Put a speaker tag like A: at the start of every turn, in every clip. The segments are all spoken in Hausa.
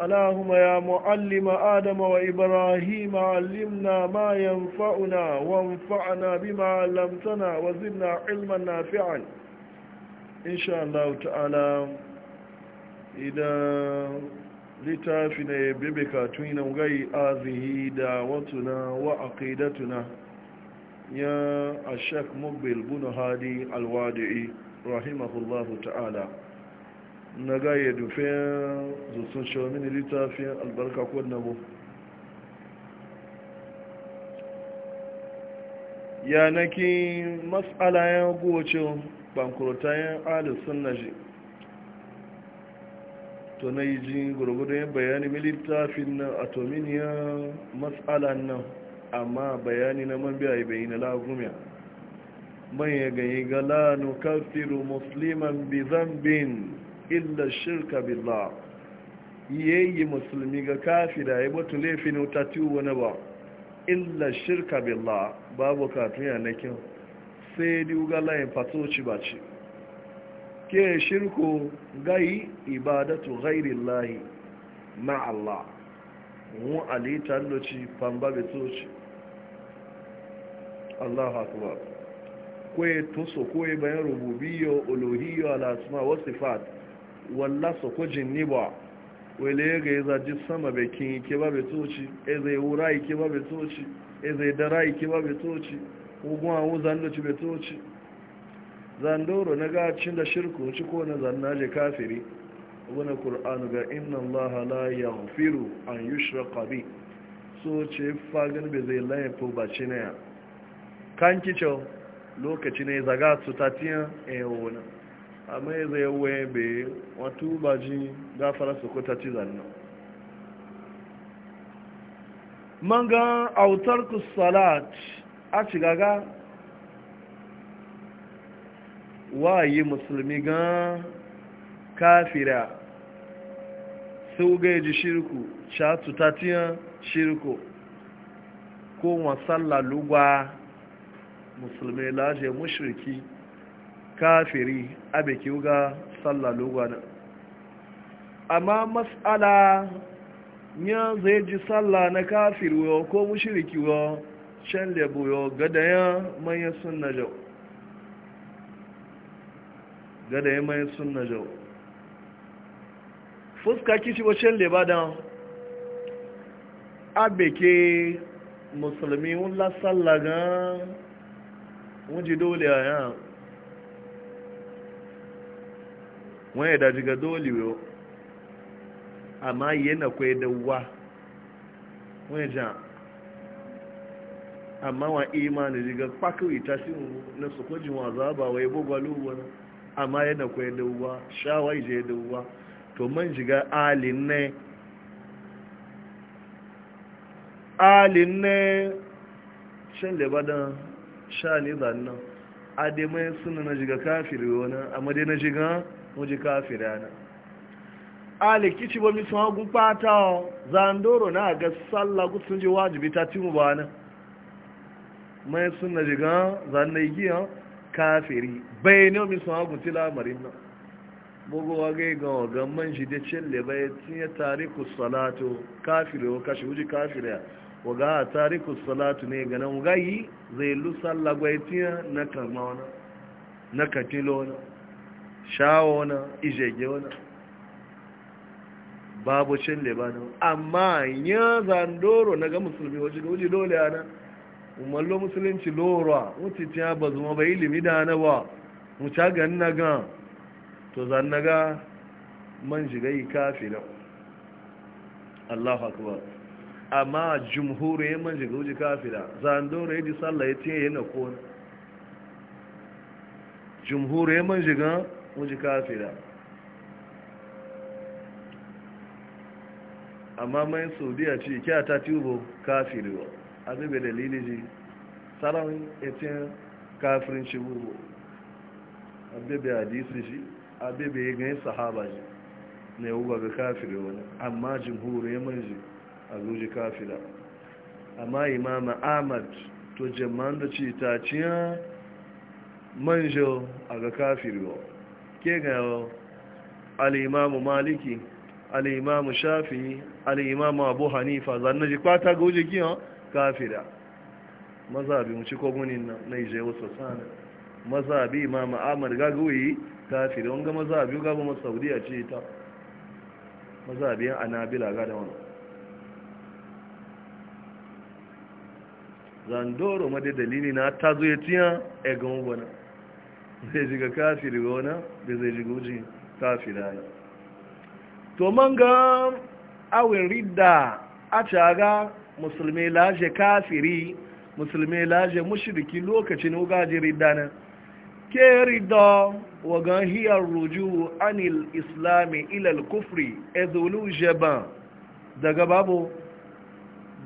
A: اللهم يا معلم آدم وإبراهيم علمنا ما ينفعنا وانفعنا بما علمتنا وزدنا علما نافعا إن شاء الله تعالى إذا littafina bibika tuna gai azihi da watuna wa aqidatuna ya ashak mugbil bunu hadi alwadi'i rahimahullahu ta'ala na gaya dufin zutsun shawamin littafin albarka ko na nabo yanaki matsala ya goce bankurotayen alisun na shi. to na yi ji gurgudun bayani mai littafin na ya matsala nan amma bayani na man biya ibe na lagumiya man ya gani galanu kafiru musliman bizambin illa shirka billah yayi musulmi ga kafira ya batu laifin wuta tiwo wani ba illa shirka billah babu katun yanakin sai diuga layin fatoci ba ce ke shirku gai ibadatu lahi na Allah mu alita loci pamba betoci Allah akwai kwe tuso kwe bayan rububiyo olohiyo ala asma wasu sifat walla su kujin ni ba wale ya ga ya zaji sama bai kin yi ke ba bai toci e zai wura yi ke ba bai toci e zai dara yi ke ba bai toci ugun awu zandoci bai toci zandoro na gacin da shirku ci ko na zanna je kafiri wani ƙur'anu ga inna Allah la ya an yi shirakabi so ce fagin bai zai ba ci na ya kan kicin lokaci ne zaga su tatiyan ewu wani amma mai zai waye be wato ba ji gafara su kuta ci zanna man ga autar ku a cigaga wayi musulmi gan kafira su ga ji shirku catu tatiyan shirku ko wasan laluwa musulmi laje mushriki kafiri abe sallah sallalu na. amma mas'ala ya zai ji salla na kafiri yo ko mushiriki yo can lebu yo gadaya manyan sunna jau gadaya manyan sunna jau fuska kici ba can leba don abe ke musulmi wula salla ga wuji dole a wani da jiga dole yau amma yana kwaye da wa wani ja a wa imanin jiga fakiri ta shi na sokojin wa zaba wa yi bugwalu wani amma yana kwaye da wa shawai je da to man jiga alin ne alin ne shan lebadan sha ne zannan ademai suna na jiga kafiri wuji kafira na alikici ba misun hagun fata zandoro na ga sallah gutsun ji wajibi ta timu ba na mai suna jiga zanne giya kafiri bai ne misun hagun tila marin na bugowa gai ga wagan man shi da cille bai tinye tariku salatu kafiri wa kashi wuji kafiri waga tariku salatu ne ga nan gayi zai lu sallah gwaitin na karma na katilo na shawo wani ijege wani babu cin libanin amma ya zandoro na ga musulmi wajen ga dole ana umarlo musulunci lorwa mutuci ya bazu ma bai ilimi da na ba muca ga naga to ga man shiga yi kafi na allahu akbar amma jumhuru ya man shiga kafi na zandoro ya ji sallah ya tiye yana kone jumhuru ya man shiga wuji kafira amma mai saudiya ce kya ta tubo kafirwa azubi dalili ji tsaron etin kafirin shi bubu abubuwa hadisi ji, abubuwa ya gani sahaba ji na yau babu kafirwa amma jimhuru ya manji a zuji kafira amma imama ahmad to jaman da ce ta ciyan manjo a ga kafirwa ke ga al'imamu maliki al'imamu shafi al'imamu abu hanifa zannan ji kwata ga wuje giyan kafira mazabi mu ci kogunin na naije wasu sana mazabi imamu amur gagawi kafira wanga mazabi gaba a ce ta mazabiyan anabila gada wani zandoro madadalini na ta zo ya tiya egon wani zai jiga kafiri wani da zai shiga wuce kafira ya to man ga awin ridda a caga musulmi laje kafiri musulmi laje mushiriki lokacin ugaji ridda nan ke ridda ga hiyar ruju anil islami ilal kufri ezolu jeban daga babu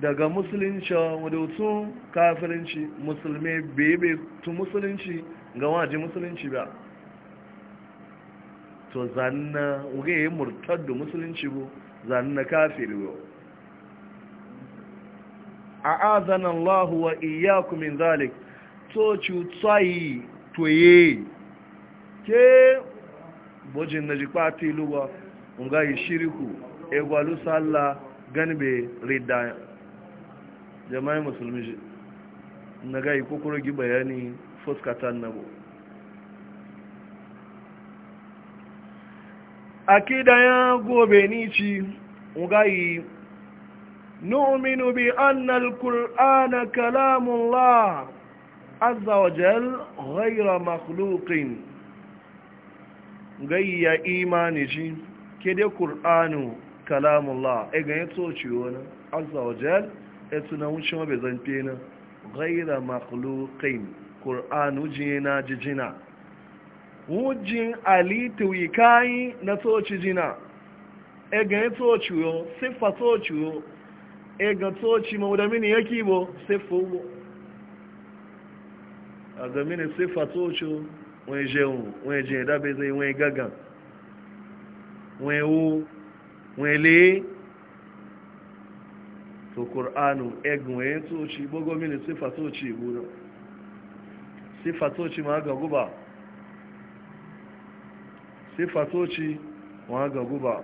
A: daga musulunci wadatun kafirinci musulmi bebe tun musulunci ga waje musulunci ba to zanna uge yi murtaddu musulunci bu zanna kafiri bu a azana Allah wa iyaku min zalik to cutsayi toye ke bojin na jikpa tiluwa unga yi shiriku egwalu sallah ganibe ridda jama'i musulmi na ga yi kokoro gi bayani fuskatan nabo akida ya gobe ni ci ugayi nu'minu bi anna Kur'ana qurana kalamullah azza wa jal ghayra makhluqin gayya imani ji kede qur'anu kalamullah e ga yato ci wona azza wa jal e tuna wuce ma bezan pena ghayra makhluqin ƙur'an ujiye na jijina wujin alituwi kayi na toci jina ega e toci yo siffa ọ yo ega ọ maudamini ya kibo siffa ugbo a gamini siffa toci wọn jẹun wọn ọ dábẹ́sẹ̀ wọn gàgàn wọn wo mini sifatoci ma ga guba sifatoci ma ga guba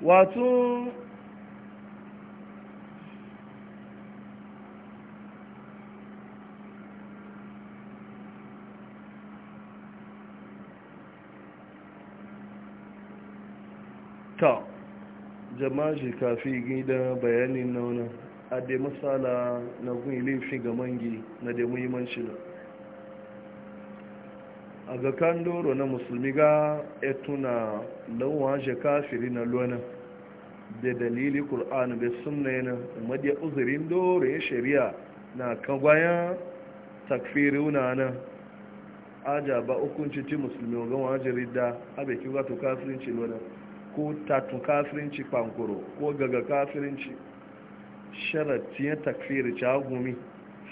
A: wato ta jama'a kafi gida bayanin nauna a da matsala na gun fi ga mangi na da muhimmanci na a ga kan doro na musulmi ga etuna lawan shi kafiri na lona da dalili Kur'an da sunna yana madiya uzurin doro ya shari'a na kan bayan takfiruna na aja ba hukunci ci musulmi ga wajen ridda abe kiwa to kafirin ci lona ko tatu kafirinci kwankuro ko gaga kafirinci ya takfiri ca gumi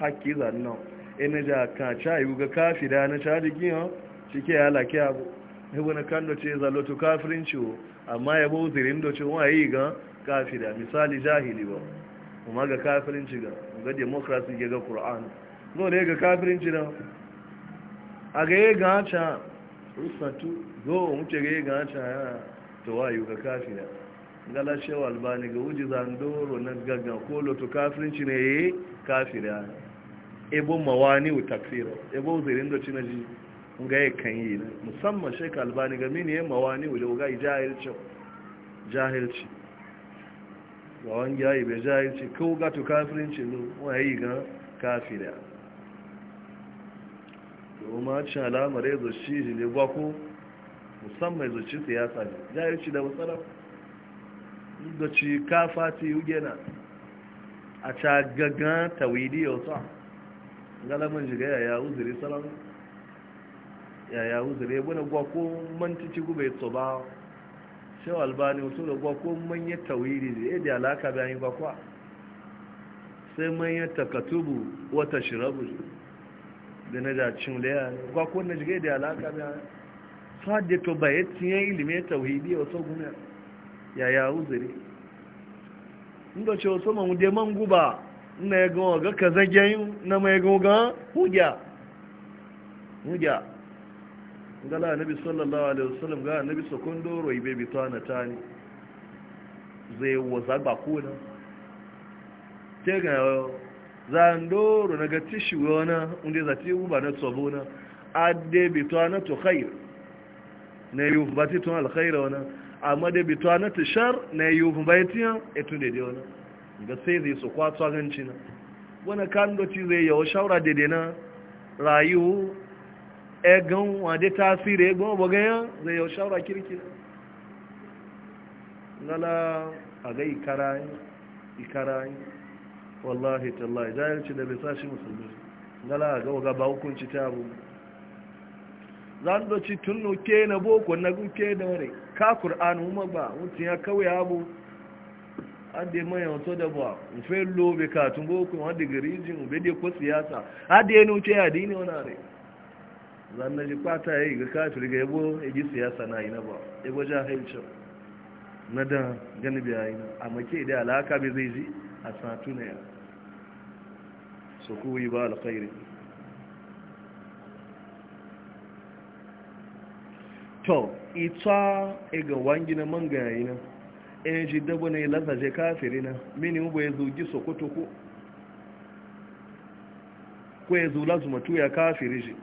A: haƙƙi zannan ina ja ka ca yi ga da na ca jiki yau cike ya laki abu ibu na kando ce zalotu kafirinci wo amma ya bau zirin da ce wa yi ga kafira misali jahili ba kuma ga kafirinci ga ga demokrasi ga ga ƙura'an no ne ga kafirinci da a ga yi ga ca rusatu zo wuce ga yi ga ca yana tawayu ga kafina gala shewa albani ga wuji zandoro na gaggan ko lotu kafirinci ne yayi kafira ebo mawani u takfira ebo zirin da cina ji ga ya kan yi na musamman shek albani ga mini ya mawani u ga jahilci jahilci ga wangi yayi be jahilci ko ga to kafirinci lo yi ga kafira domin cin alamar ya zo shi ne gwako musamman zuci siyasa ne jahilci da matsala da ci kafa ci yugena a ca gaggan tawidi yau sa galaman shiga yaya uzuri salam yaya uzuri ya buna gwa ko mantici gube ya ba shi albani wasu da gwa ko manya wili da da alaka bayan gwa kwa sai manya katubu wata shirabu da na da cin laya gwa ko na shiga da alaka bayan fadde to baye tiye ilimi tauhidi wato guna ya ya uzuri ndo cho so mu de manguba na ga ga kaza gayu na mai ga ga huja huja ngala nabi sallallahu alaihi wasallam ga nabi sokondo roi be tani zai waza ba kuna te ga za ndoro na ga tishi wona unde za ti uba na tsobona adde bitana to khair na yi yufu ba ti tun alkhaira wani amma da bi tuwa na tashar na yi yufu ba tiyan etu da daidai wani ga sai zai su kwatsa ganci na wani kan doci zai yawo shawara daidai na rayu e gan wade tasiri e gan bagayen zai yawo shawara kirki na lala a ga ikarayi ikarayi wallahi tallahi jahilci da bai sa shi musulmi lala a ga waga ba hukunci ta abu zan doci tun nuke na boko na guke da wani ka kur'anu ma ba mutum ya kawai abu ade mai wato da ba nfe lobe ka tun boko wadda digiri ube da ko siyasa ade nuke ya dini wani are zan na ji kwata ya yi ga kafir ga yabo ya ji siyasa na ba na ba yabo jahilcin na da gani biya ina a make da alaka bai zai ji a satu na ya su yi ba alkhairi to ita ga wangi na mangayi na in eh, ji dabo yi lazaje kafiri na mini ya bai ji sokoto ku, ko ya zula su matu ya kafiri ji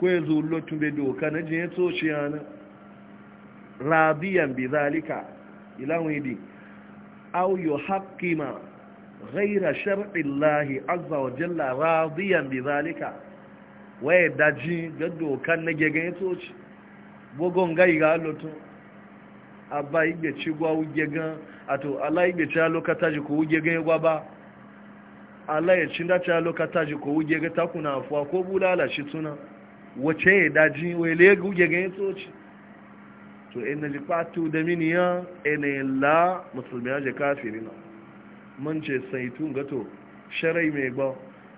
A: ko ya zulo tumbe doka na jin ya na rabiyan radiyan bi zalika ilawun idi au haƙƙi ma, ghaira sharɗin lahi azza wa jalla radiyan bi zalika waye daji ga dokan na gegen ya tsoci bugun gai ga lotu abba igbe ci gwa wuge gan ato ala igbe ci alokata ji ko wuge gan gwa ba ala ya ci ndaci alokata ji ko wuge ga takuna afuwa ko bulala shi tuna wace ya e daji wele wuge gan ya tsoci to ina ji fatu da miniya ina la musulmi ya je kafirina man ce saitu gato sharai mai gbawa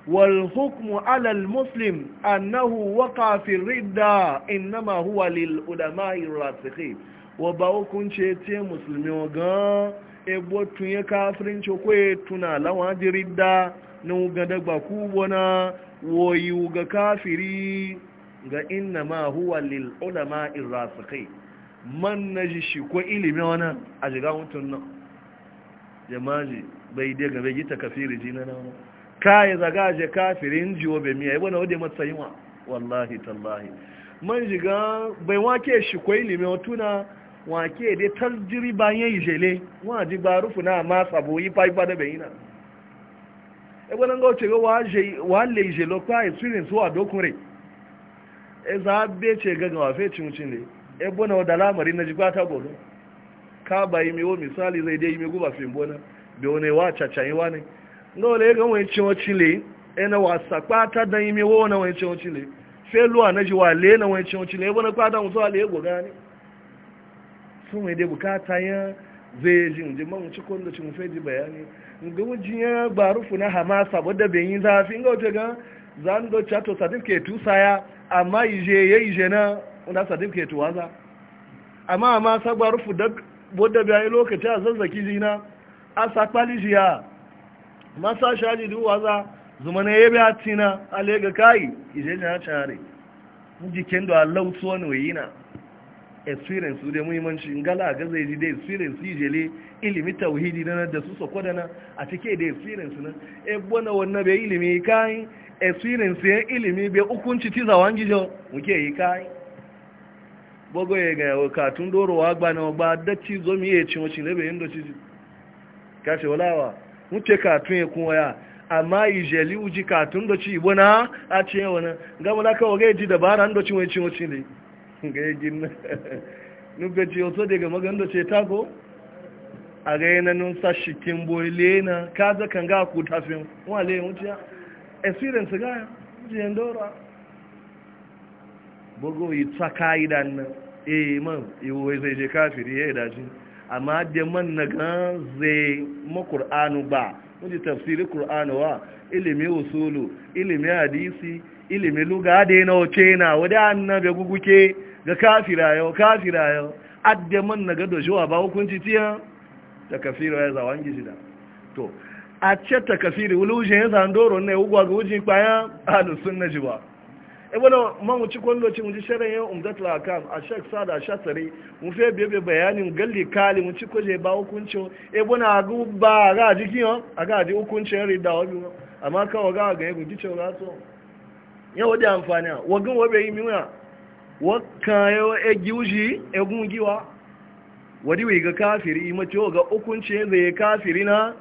A: والحكم على المسلم أنه وقع في الردة إنما هو للعلماء الراسخين وباوكن شيتي مسلمي وغان ebo tun ya kafirin cikwe tuna lawa jirida na wuga dagba kubona woyi wuga kafiri ga inna ma huwa lil ulama irrasikai man na ji shi ko ilimi wani a jiga mutum nan jamaji bai daga bai gita kafiri jina na wani kayi zagaje kafirin jiwo bai miya yabo na wadda matsayin wa wallahi tallahi man jiga bai wake shi kwa ilimin otuna wake dai tarjiri bayan yi jele wa ji ba rufu na ma sabo yi faifa da bai yana yabo nan ga wace ga wale yi jelo kayi tsirin zuwa dokunre e za be ce gaga wafe cimucin ne yabo na wadda lamari na jigba ta gobe ka bayi o misali zai dai yi mai guba fimbona bai wani wa cacayi wa ne ngole ga wani cin ena wasa kpata dan ime wo na wani cin ocile feluwa na ji wale na wani cin ocile ebo na kpata mutu wale gani sun wai dai bukata ya zai ji inji man ci kwallo di bayani ga wujin gbarufu na hamasa wadda bai yi zafi ga wata ga zan do chato certificate usaya amma ije ya ije na una masa shaji duk waza. zuma na yabe a tina a lega kayi ije jina care jikin da lautu wani wayi na experience da muhimmanci gala ga zai ji da experience jele ilimi tauhidi na da su sako da na a cike da experience na e na wannan bai ilimi kai experience ya ilimi bai hukunci ti zawan gijo muke yi kai gbogbo ya ga katun dorowa gba na ba dacci zo mi ya ci wacin da bai yin doci kashe walawa muke katun ya kuma ya amma yi uji katun da ci ibo na a ce wani gama na kawo ga ji dabara da cin wancin wancin ne ga yi gina nubbe ce wato daga magan da ce tako a ga yi na nunsa shikin boile na ka zakan ga ku tafin wale wuciya experience ga jiyan dora bugu yi tsaka idan ee eh, ma iwu iwo eje kafiri ya eh, yi amma da man na gan zai makur'anu ba wani tafsiri kur'anu wa Ilimi usulu ilimin hadisi ilimi luga da yana wace na wadda annabi guguke ga kafira yau kafira yau adda man na ga dojowa ba hukunci tiya ta kafira ya zawon gizi da to a ce ta kafiri wulujin ya zandoro ne ugwa ga wujin kwayan alusun na ji ba ibana man cikon lokacin ji shirin yin umdatul akam a shek sada shatare mu fe bebe bayanin galli kali mu ci koje ba hukuncin ibana gu ba ga jiki yo aga ji hukuncin rida wabi amma kawo ga ga yego ji cewa so ya wadi amfani wagin wabe yi miya wakka yo e giuji e gungiwa wadi wi ga kafiri mace ga hukuncin zai kafiri na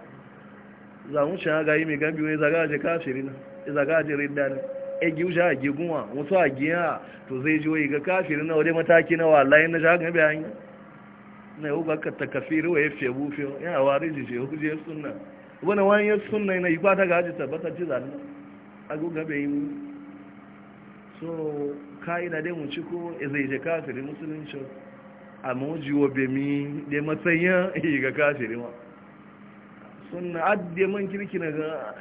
A: za mu ci ga yi mi gambi ne zaga je kafiri na zaga je ridda ne egi uja agi guwa wasu agi ya to zai ji wai ga kafirin na wadai mataki na wallahi na shagan bi hanya na yau ga ta kafiri wa yafe bufe ya wari ji je huje suna. wani wani ya sunna na ikwa ta gaji tabbata ji zan a guga bai yi so kaida dai mu ciko zai je kafiri musulunci amma wajiwo bai mi dai matsayin ga kafiri ma sunna adde man kirki na ga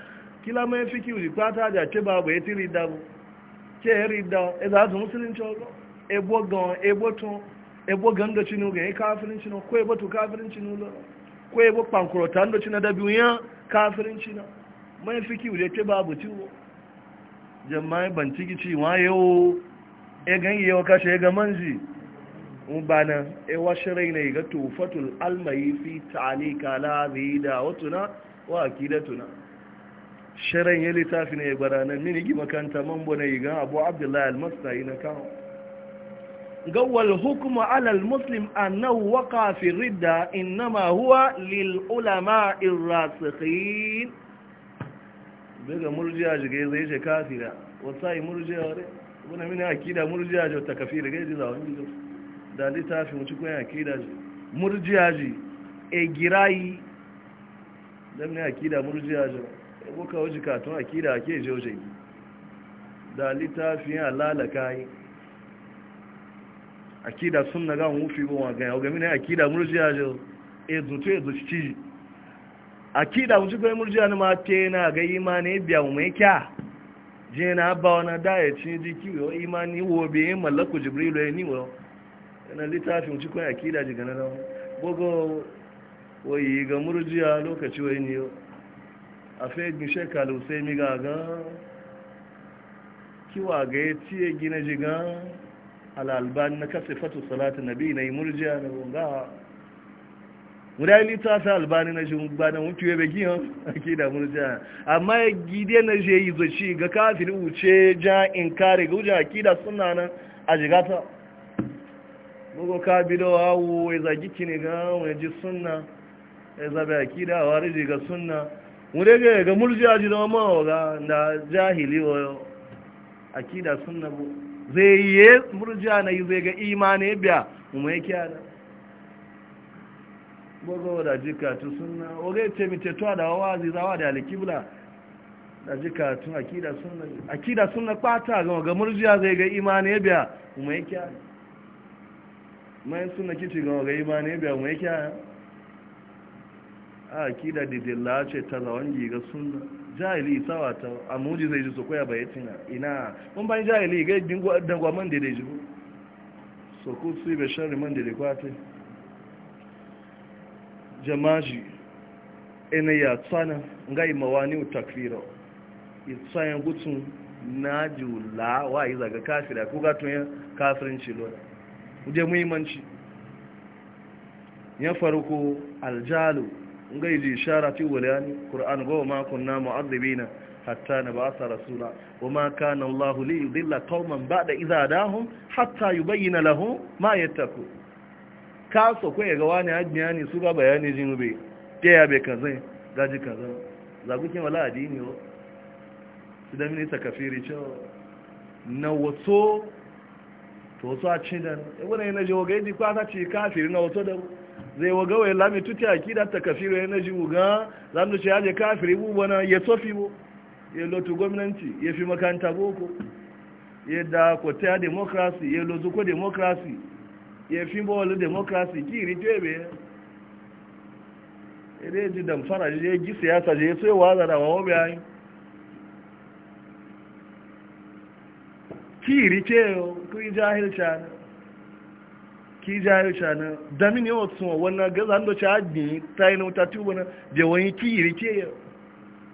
A: kila mai fiki uji kwata ja ce ba bai ti rida bu ke e rida e za su musulunci ogo ebo gan ebo tun ebo ganga cinu ga e kafirin cinu ko ebo tu kafirin cinu lo ko ebo pankuro tando cinu da biyu ya kafirin cinu mai e fiki ya ce ba bu wo jama'i ban ciki ci wa yau e gan yau kashe ga na mubana e washirai ne ga tufatul almayi fi ta'alika la zai da tuna. wa akidatuna shirin ya littafi ne ya baranan mini gi makanta mambo na ga abu abdullahi yi na kawo gawal hukuma alal muslim annahu waqa fi ridda innama huwa lil ulama irrasikhin daga murjiya ya zai da wata yi murjiya wani wani mini akida murjiya ji ta kafira ga ji zawon gizo da littafi mutu kuma akida ji murjiya ji e girayi dan ne akida murjiya ji yabo kawo jikatun akida ake jojogi da littafin alalaka yi akida sun na gawon wufi goma ga yau gami na akida murjiya jo e ezutu ezutu ciji akida mutu kai murjiya na mate na ga imani biya mai kya je na ba wani daya cin jiki yau imani wobe yin mallaku jibrilu ya ni wa yana littafin mutu kai akida jiga na dawo gogo wai ga murjiya lokaci wai ni yau a fegin shekaru sai mi gaga kiwa ga ya ciye gina jiga al'alban na kasa fatu salatu nabi na yi murjiya na gunga mudali ta sa albani na shi ba na mutu ya begi yan ake da murjiya amma ya gide na shi yi zaci ga kafin wuce ja in kare ga wujen akida suna nan a jiga ta bugu ka bido hawo ya zagi kini ga wani ji suna ya zabe akida a wari jiga suna wuri ga ga murjiya ji zama mawa ga da jahili wayo akida na bu zai yi a na yi zai ga imani biya kuma ya kyana gbogbo da jikatu sunna wuri ce mace a da wawazi zawa da alikibla da jikatu akida kida sun na kwata ga ga a zai ga imani biya kuma ya kyana mai sunna kici ga ga imani biya kuma ya kyana a akida da dilla ce ta zawangi ga sun jahili sawa ta amuji zai ji su koya bai tina ina mun ban jahili ga dangwa man da dai jibo so ku su be sharri man da dai kwate jamaji ina ya tsana ngai mawani takfira itsayan gutun na jula wa yi zaga kafira ko gatun ya kafirinci lura je muhimmanci ya farko aljalu ngai ji ishara ti waliyani qur'an go ma kunna mu'adhibina hatta nab'atha rasula wa ma kana allah li yudilla qauman ba'da idha adahum hatta yubayyana lahu ma yattaku kaso ko ga wani ajiya ne su ga bayani jin be te yabe kazan gaji kazan za ku kin wala adini o da minista kafiri cewa na wato to wato a cidan wani yana e je wa gaidi kwata ce kafiri na wato da zai waga wai lami tuti akida ta kafiru ya naji wuga zan ce shaje kafiri bu bana ya tofi bu ya lotu gwamnati ya fi makanta boko ya da kwata demokrasi ya lozu ko demokrasi ya fi bawal demokrasi kiri tebe ya ji damfara fara ji siyasa ya sai waza da wawo bayan ki rite ku jahilcana ki yi shana damin yawa tsuwa wannan gaza ando cha ta yi na utati bona da wani ki yi rike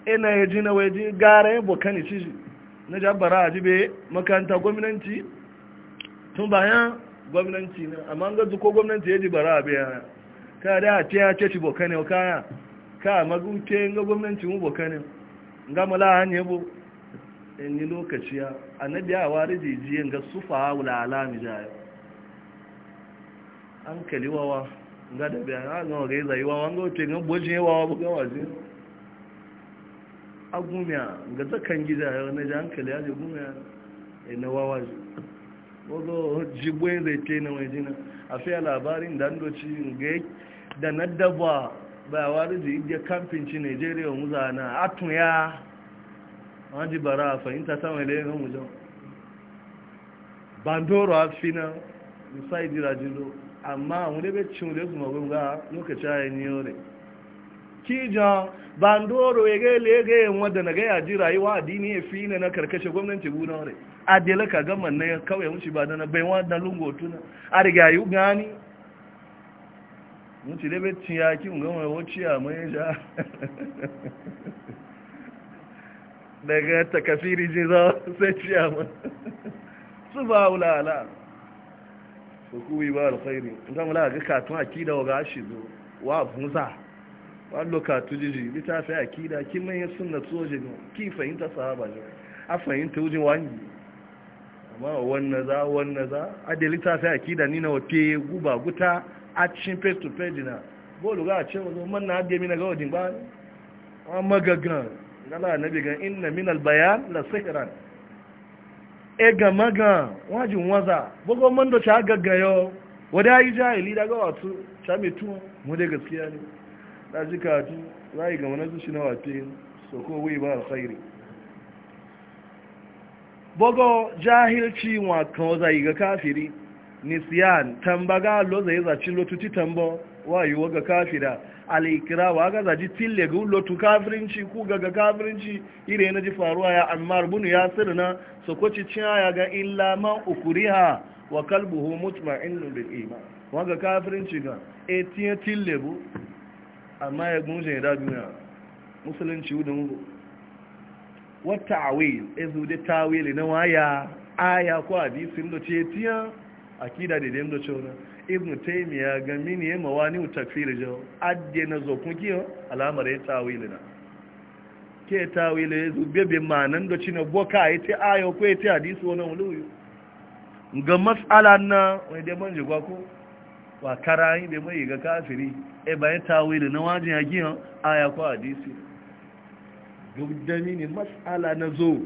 A: ina yaji e na waje gare bokani ci na jabara jibe makanta gwamnati tun bayan gwamnati na amma an gazu ko gwamnati ji bara biya na ka da a ce ya ce ci bukan o kaya ka magunke ga gwamnati mu bokani ga mala hanye bo in e yi lokaci ya annabi ya wari jijiyan ga sufa wala alami jayo hankali wawa ga da biya a ga ga zai wawa ga wace ga bojin wawa bu ga waje agumiya ga zakan gida ya na ji hankali ya ji gumiya na wawa ji wago ya zai te na mai jina a fiye labarin da andoci ga da na daba ba wa riji idiya kamfinci nigeria muza na atun ya ji bara a fahimta ta mai layin mujan bandoro a fina misali jirajin lokaci amma mu da becin da su magun ga lokaci ayi ni yore kijan bandoro ya ga le ga yin wadda na ga ya ji rayuwa addini ya fi ne na karkashe gwamnati buna wore adela ka ga man ne kawai mu ci ba da na bai wadda lungo tuna a riga yu gani mu ci da becin ya ki mu ga mai wuciya mai ja daga takafiri jiza sai ciya mu su ba ulala ko ba alkhairi nga mala ga katun akida wa gashi zo wa bunza wa lokatu jiji bita fa akida kin mai sunna soje ne ki fahimta sahaba ne a fahimta wuje wani amma wannan za wannan za adeli ta fa akida ni na wote guba guta a cin face to face na bolu ga ce wazo man na ademi na ga wajin ba amma gaggan ngala nabi ga inna min albayan la sihran e gama ga wajin waza bugo man da ta gaggayo wada yi jahili daga wato ta mai tuwa mu da gaskiya ne da ji katu za a yi gama na zuci na wafe so ko wai ba alkhairi bugo jahilci wa kan za yi ga kafiri nisiyan tambaga lo zai zaci lotuti tambo wayi ga kafira alaikira wa ga zaji tille ga ulotu kafirinci ku gaga kafirinci ire na ji faruwa ya ammar bin yasir na sokoci ciya ya ga illa man ukuriha wa kalbuhu mutma'innu bil iman wa ga kafirinci e ga etiye tille bu amma ya gunje da duniya musulunci da mu wa ta'wil ezu de tawil na waya aya ko hadisi ndo ce tiya akida de ndo chona ibn taymiya ga mini ya mawani takfir jo adde na zo kun kiyo alamar ya tawilina ke tawile zube be manan da cina boka ya ce ayo ko ya ta hadisu wani wuluyu ga matsala na wani da manji jigwa wa karayi da mai ga kafiri e ya tawili na wajin ya kiyo aya ko hadisu duk da mini matsala na zo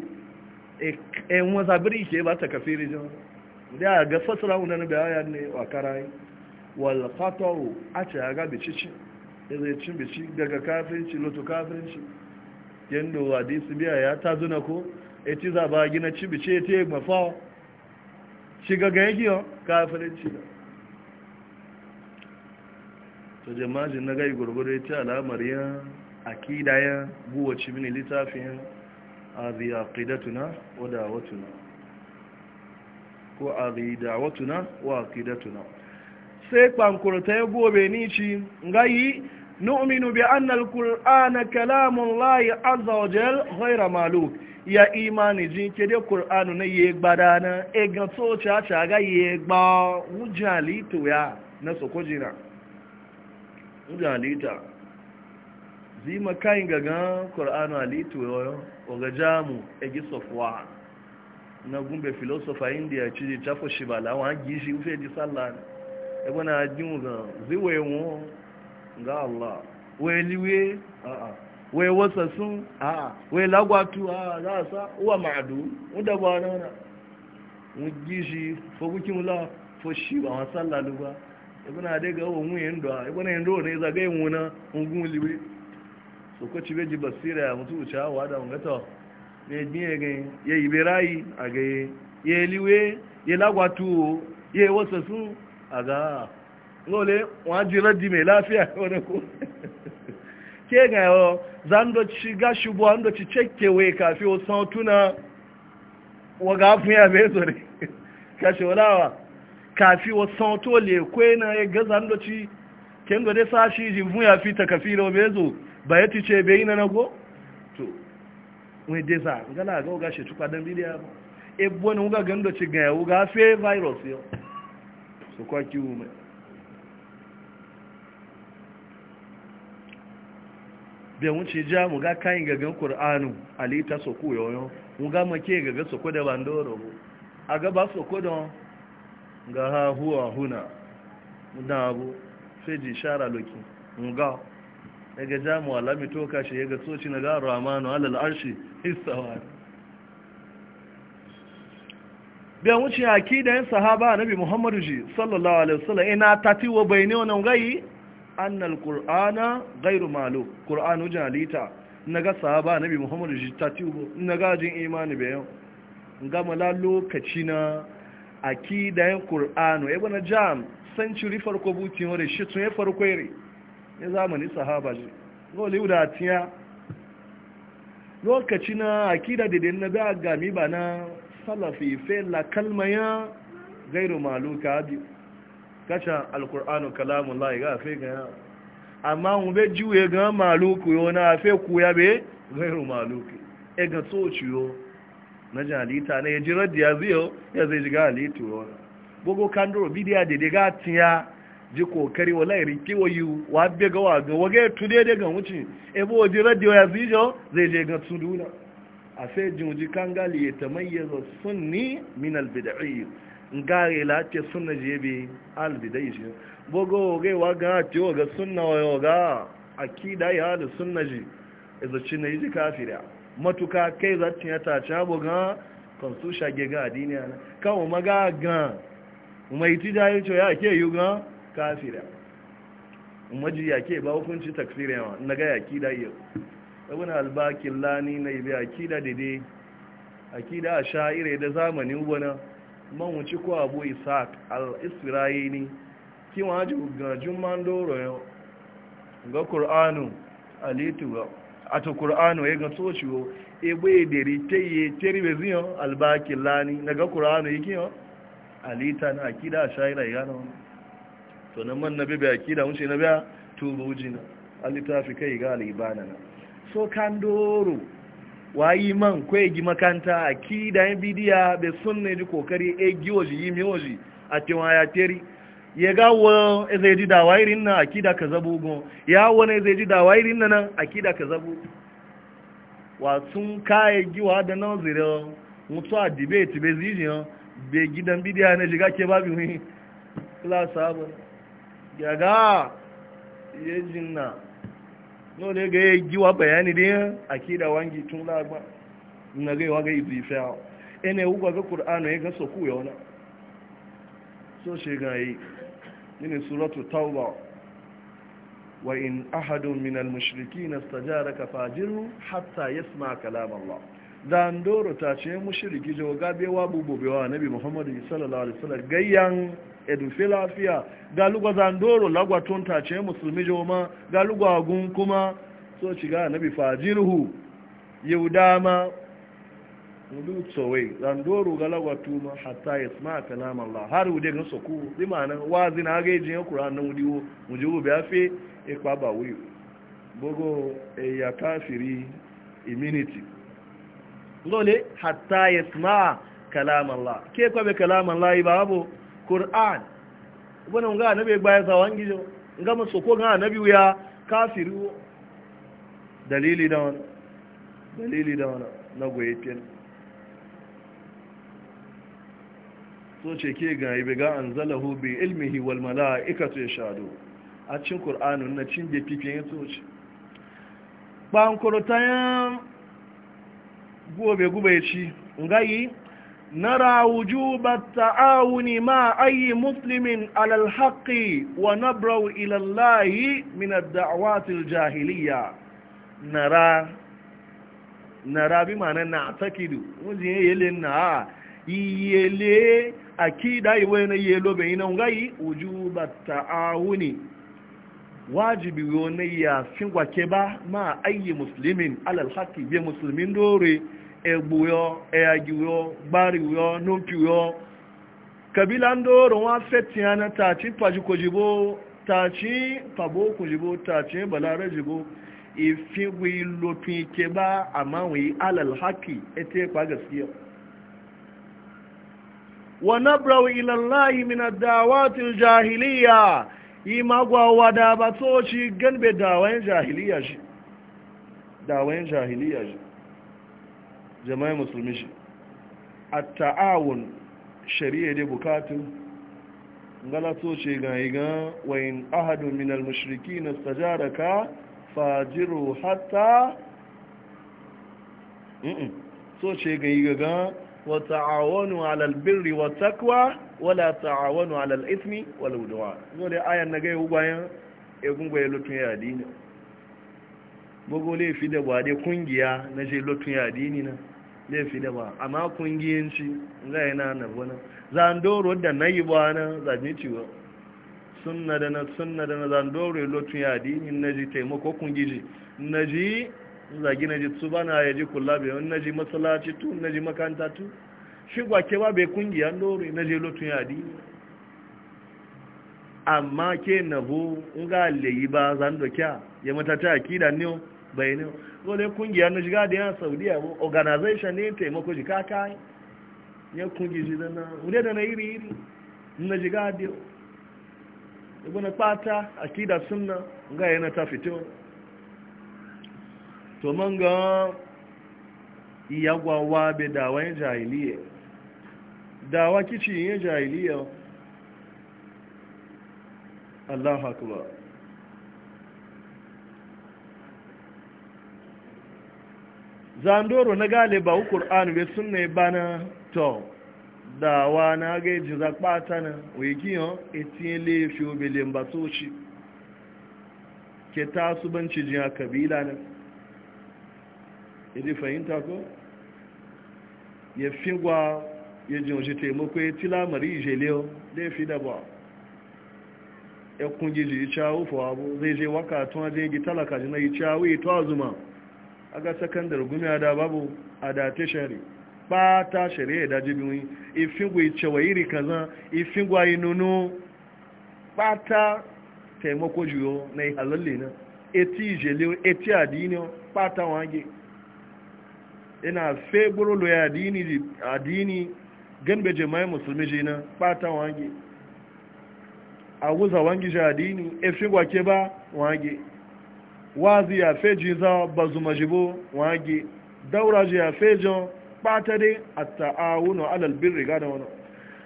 A: e, e wasa biri ke ba ta kafiri jo da ga fasara wannan bayan ne wa karai wal qata'u a ce ga bicici zai cin bici daga kafirinci lotu kafirinci yadda hadisi biya ya ta zuna ya e ci za ba gina ci bici ta yi mafawa shiga ga yake yau kafirinci da to jama'ajin na gai gurguru ta alamar ya akida ya buwa cimini littafin a ziyar wa aqida watuna wa aqidatuna sai kwankurta ya gobe ni ci ngayi nu'minu bi anna al-qur'ana kalamullahi azza wa jal ghayra maluk ya imani jin ke de qur'anu na ye gbadana e gan so cha cha ga ye gba mujali to ya na sokojina mujali ta zima ga gaga qur'anu alitu yo o ga jamu e gi E na gumbe filosofa india ci chafo shibala wa gishi ufe di sallah e bona ajun ga ziwe won ga allah we liwe a a we a lagwatu a uwa ma'adu na mu gishi fo gukin la fo shi ba wa sallah luba e bona de ga won yin do me biye ge ye iberai age ye liwe ye lagwatu ye wasasu aga ngole wa jira di me lafiya wona ko ke ga yo zando ci ga shubu ando ci chekke we ka fi o san tuna wa ga fun ya be sore ka shorawa ka fi o san to le kwe na ye ga zando ci ken go de sa shi ji fun ya fi ta kafiro be zo bayati ce be ina na go wani gana ga shi don bidiya ba ebo ni wuga gando ci ga ya e a fe virus yau su kwa kiwu mai biyan mu ga kayan soko yoyon mu make soko a gaba soko don ha na ya ga jamu alami toka shi ya ga soci na ga ramanu alal arshi hisawa biyan wuce haki da yin sahaba nabi muhammadu ji sallallahu alaihi wasallam ina tatiwa bai ne wani gai annal qur'ana gairu malu qur'anu jalita naga sahaba nabi muhammadu ji wa naga jin imani yau. gama la lokaci na akidayen qur'anu ibn jam century farko butin wore shi tun ya farko yare ya zamani sahaba ji gole da tiya lokaci na akida da na a gami ba na salafi fe la kalmaya gairu ka abi kasha alkur'anu kalamun lai ga fe ga amma mu be juye ga ku yo na afe ku ya be gairu maluki e ga so ciyo na jalita na ya ji radiya yau ya zai ji ga halittu yau bugo kandoro bidiyar da daga tiya ji kokari wala riki kiwayu wa be ga wa ga wage tude de ga wuci e bo ji radio ya zijo zai je ga tuduna a sai ji kangali ya tamayyaza sunni min al bid'i ngare la ce sunna je bi al bid'i je go ga wa ga te wa ga sunna wa ga akida ya da sunna je ci cin yi kafira matuka kai za ta ta ta boga kan su shage ga adini ana kawo maga ga mai tijayi to ya ke yuga kafira maji yake ba hukunci takfira yawa na gaya yakida iya abin albakin lani na ibi akida dide akida a sha'ire da zamanin wani mawuci ko abu isaac al-isra'ini kiwa haji gajin mandoro yau ga a lituwa a ta Kur'anu ya ga sociwo ebe edere teye teribe ziyan albakin lani na ga Kur'anu ya kiyan alita na akida a sha'ire ya gano to nan man nabi bai akida mun ce nabi tuba wujina alitafi kai ga alibana na so kan doro wayi man kwai gi makanta akida yin bidiya be sunne ji kokari e giwoji yi mi miwoji a cewa ya teri ya ga wa e zai ji dawa irin na akida ka zabu gon ya wani zai ji dawa irin nan akida ka zabu wa sun kai e giwa da nan zira mutu a debate be zijiyan be gidan bidiya na shiga ke babu ni la sabon gaga ya jinna no ne ga ya giwa bayani ne a kida wangi tun lagba na gaiwa ga ibi fiyawa ene ugwa ga kur'anu ya ga ku ya wani. so shi ga yi ne suratu tauba wa in ahadun min al stajara ka fajiru hatta yasma kalam Allah dan doro ta ce mushriki jo gabewa bewa bububewa nabi Muhammadu sallallahu alaihi wasallam gayyan edufe lafiya galugwa zandoro lagwa tunta ce musulmi joma galugwa gun kuma so shiga nabi fajirhu yau dama mudu tsowe zandoro galagwa tuma hatta ya sma kalam Allah har wude ga soku bi ma'anan wazi na ga jin Qur'an nan wudiwo mujibu bi afi e ba wi bogo e ya kafiri immunity lole hatta ya sma kalam Allah ke kwa be kalam Allah babu Qur'an wani nga annabi gbaya zawan gijo nga maso ko ga annabi wuya kafiru dalili da wani dalili da wani na goye fiye so ce ke ga ibe ga an zalahu bi ilmihi wal mala'ikatu yashadu a cikin qur'anun na cin da fifiyen so ce ban kurtayan gobe gube ci ngayi نرى وجوب التعاون مع أي مسلم على الحق ونبرو إلى الله من الدعوات الجاهلية نرى نرى بمعنى نعتقد يلنا يلي أكيد وين يلو بين غي وجوب التعاون واجب يونيا سنوا كبا مع أي مسلم على الحق بمسلمين دوري egbu yo eyagi yo gbari yo nupi yo kabila ndoro wa fetiya na taci faji kojibo taci fabo kojibo taci balare jibo ifi wi lopin ke ba amma wi alal haki ete kwa gaskiya wa nabrau ila Allah min ad-da'awati al-jahiliyya ima gwa wada batoci ganbe dawayen jahiliya shi dawayen jahiliya shi jama'i musulmi shi a ta'awun shari'a dai bukatun gala so ce ga wayan wayin ahadun minal mashiriki na stajaraka fajiru hatta so ce ga ga, wa ta'awanu alal birri wa takwa wala ta'awanu alal ismi wal udwa zo dai ayan na gaya bayan egun gwaye lutun ya dini bugu laifi da ba kungiya na je lutun ya dini na laifi da ba amma kungiyanci ga yana na wani zandoro da na yi ba na zaji ciwo suna da na suna da na zandoro ya lotu yadi in na ji taimako kungiji na ji zagi na ji su ba na ya ji kula bai wani na ji masalaci tu na ji makanta tu shi gwake ba bai kungiya doro na ji lotu yadi amma ke na bu in ga alayi ba zando kya ya matata akida ne bayani dole kungiya na shiga da yan saudiya bu organization ne taimako jika kai ya kungi shi da na wuri da na iri iri na shiga da ibn fata akida suna ga yana ta fito to man ga iyagwawa be dawan jahiliya dawa kici yin jahiliya Allahu akbar zandoro na gale ba wu bai sun ne ba na to da wa na ga ji za kpata na wiki yau etinye lefi obele mbatoci ke ta su banci jiya kabila na idi e fahimta ko ya fi gwa ya ji oji taimako ya tila mari ijele o laifi da ba ya e kungi ji icha fawabu abu zai je waka tun aje gi talaka ji na icha wi to azuma aga sakandar gumi ada babu adate shari bata shari'a da jibin ifingwa cewa iri kaza ifingwa inunu bata taimako juyo na ihalalle na eti ije eti adini bata wange ina fe gburu lo ya adini adini ganbe jama'i musulmi jina bata wange a wuza wange shi adini ifingwa ke ba wange wazi ya feji za ba majibu wagi daura ji ya fejo patare dai a ta'awunan alalbin riga da wani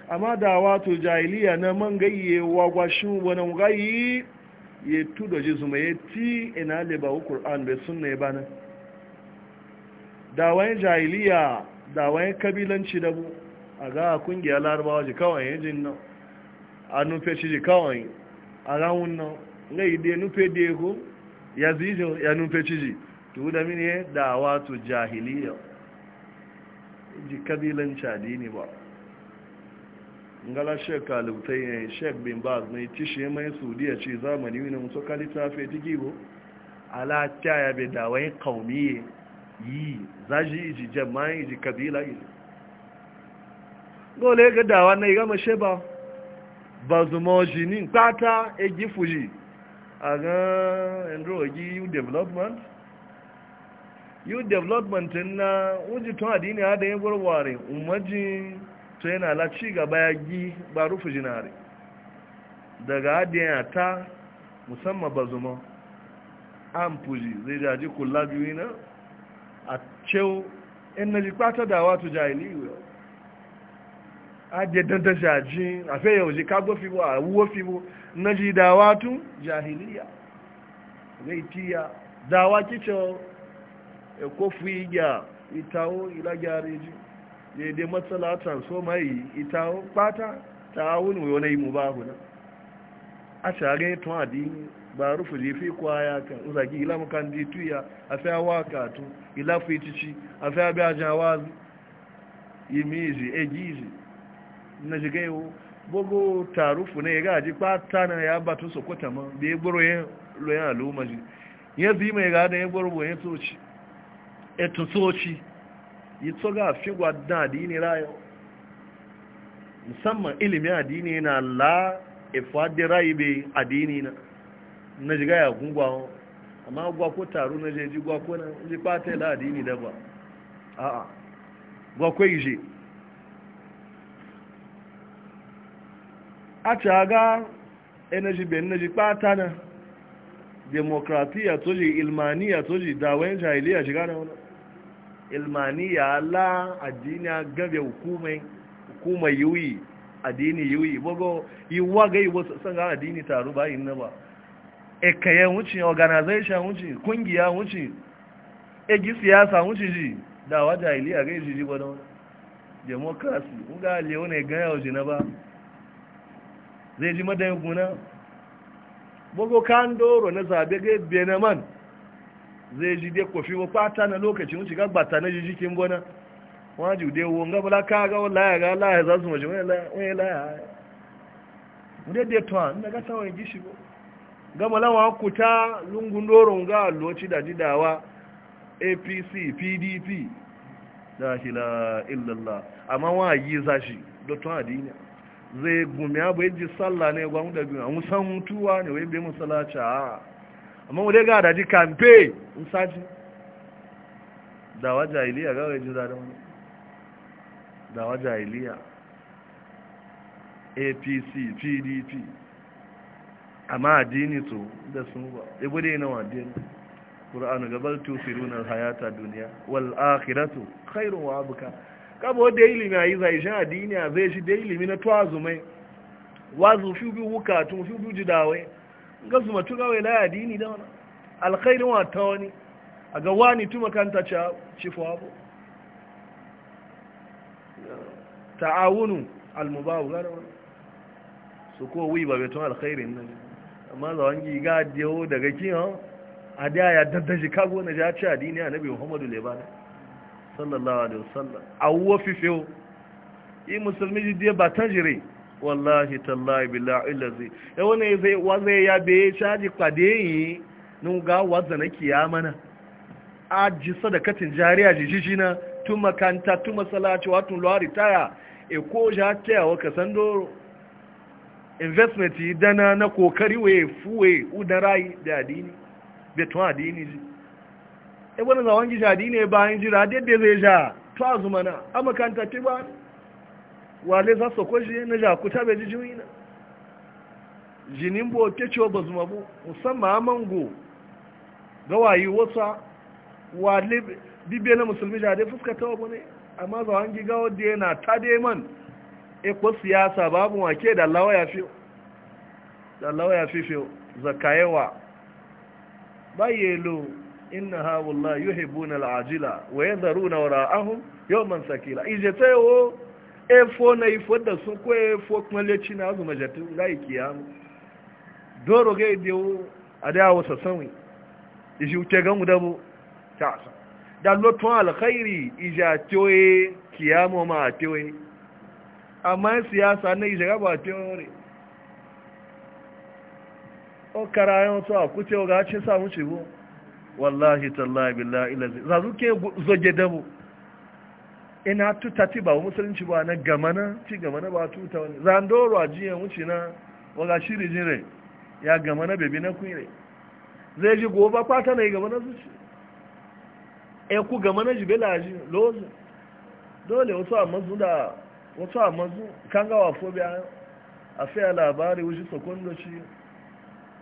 A: amma da wato jahiliya na man gayye wagwashin wani gayi ya tudo ji zuma ya ti ina liba wa ƙur'an bai suna ya bana da wani jahiliya da wani kabilanci da bu a ga kungiyar larabawa ji kawai yajin nan a nufe ji kawai a ra'un nan ga ide nufe da ya ya zijo ya numfe ciji to da mini dawa to jahiliya ji kabilan cadi ne ba ngala shek kalutai ne shek bin baz mai tishe mai saudiya ce zamani wina mutu kalita feti gibo ala ya bai dawayin kaumiye yi zaji ji jama'i ji kabila gole ga dawa na igama sheba ba zuma jinin kata egi fuji aga enrogi youth development youth development na wuji tun adini ha da yin gwarware umarji to yana laci gaba ya gi ba rufu jinare daga adiyar ta musamman ba zuma an fuji zai jaji kula biyu na a cew in na da kwata da wata jahiliyu ajiye don ta shaji a fe yau ji kagbo fibo a wuwo fibo na ji dawa tun jahiliya zai tiya dawa kicho e ko fiya itawo ilagyare ji daidai matsala so mai itawo pata ta wuni wani yi mu ba huna a shagin tun adini ba rufu jefi kwaya kan uzagi ila mukan dituya a fi awa katu ila fitici a fi abin ajawazi imizi egizi na shiga yiwu gbogbo tarufu na ya aji kwata na ya batun su ma da ya gboro ya loyan al'umma ji ya zi mai ga da ya gboro bo ya tsoci eto tsoci ya tsoga fi gwadon adini rayo musamman ilimin adini na la ifadi e rayu bai adini na na shiga ya gungwa amma gwakwo ko taru na jeji gwa na ji kwata ila adini da ba a'a gwa ko ije a caga energy ben na ji kpata na demokratiya to ji ilmaniya to ji dawayin jahiliya shiga na wani ilmaniya la addini gabe hukumai hukumai yiwuyi addini yiwuyi bago yiwuwa ga yiwuwa san ga addini taru ba yin na ba ekaye wuce organization wuce kungiya wuce egi siyasa wuce ji dawa jahiliya ga yi ji ji wani demokrasi ga aliyu ne gaya waje na ba zai ji madayin guna bugu kan doro na zabe ga benaman zai ji dai kofi wa fata na lokacin shiga bata na jijikin gona waju dai wonga bala ka ga wallahi ga Allah ya zasu maji Wani laya dai dai to an daga tawai gishi go gama lawa kuta lungun doro ga loci da jidawa APC PDP la ilaha illallah amma wa yi zashi dotun adini zai gumi abu yaji sallah ne gwamu da biyu a musan mutuwa ne wai bai musalaci a amma wadai ga daji kamfe in saji dawa jahiliya ga wajen da wani da dawa jahiliya apc pdp amma addini to da sun ba ibu dai na wadini ƙura'anu gabar tufirunar hayata duniya wal Kairu khairun wa abuka kama wadda ya ilimi a yi zai shi adini a zai shi da ilimi na tuwa zumai wazu fi biyu wukatu fi biyu jidawai ga zuma tuka wai la adini da wani alkhairin wata wani a ga wani tu makanta ci fawabo ta'awunu almubawu gara wani su ko wi ba betun alkhairin nan amma za wangi ga adiyo daga kiyan adiya ya daddaji kago na ja ci adini a nabi muhammadu lebanon sallallahu alaihi wasallam awwa fifewo yi musulmi jidiyar ba ta jire wallahi tallahi billahi illazi ya wani zai wazai ya be caji kwade yi nun ga wazza na kiyamana a ji sadakatin jariya jijijina tun makanta tun masalaci tun luwari taya e ko ja taya kasan sando investment dana na kokari we fuwe udarayi da adini betun adini ji e wani gisha di ne bayan jira daidai zai sha to a na a makanta ce ba wale za su kwashe na sha kuta bai ji jini na jinin bo ke ciwo ba zuma bu musamman a mango gawayi wasa wale bibiyar na musulmi sha dai fuska ta wabu ne amma zawon giga wadda yana ta dai man e ko siyasa babu wake da lawa ya fi da lawa ya fi fi zakayewa ba yelo inna ha wallahi yuhibbuna al'ajila wa ahu yau man sakila ije tayo efo na ifo da sun ko efo kuma leci na majatu jatu yi kiyamu doro ga idewo ada wasa sanwi ije uke ga mudabu ta da lotun alkhairi ije toye kiyamu ma toye amma siyasa na ije gaba ba toye o karayon to akuce o ga cin samu cibo wallahi tallahi billahi ilazi za su ke zoge damu ina tuta ti ba musulunci ba na gamana ci gamana ba tuta wani ndoro a jiya wuce na waga shiri jire ya gamana bebi na kuire zai ji goba kwata na yi gamana su ci e ku gamana ji bela ji lozi dole wasu a mazu da wasu a mazu kan gawa fobia a fiya labari wuce sakwando shi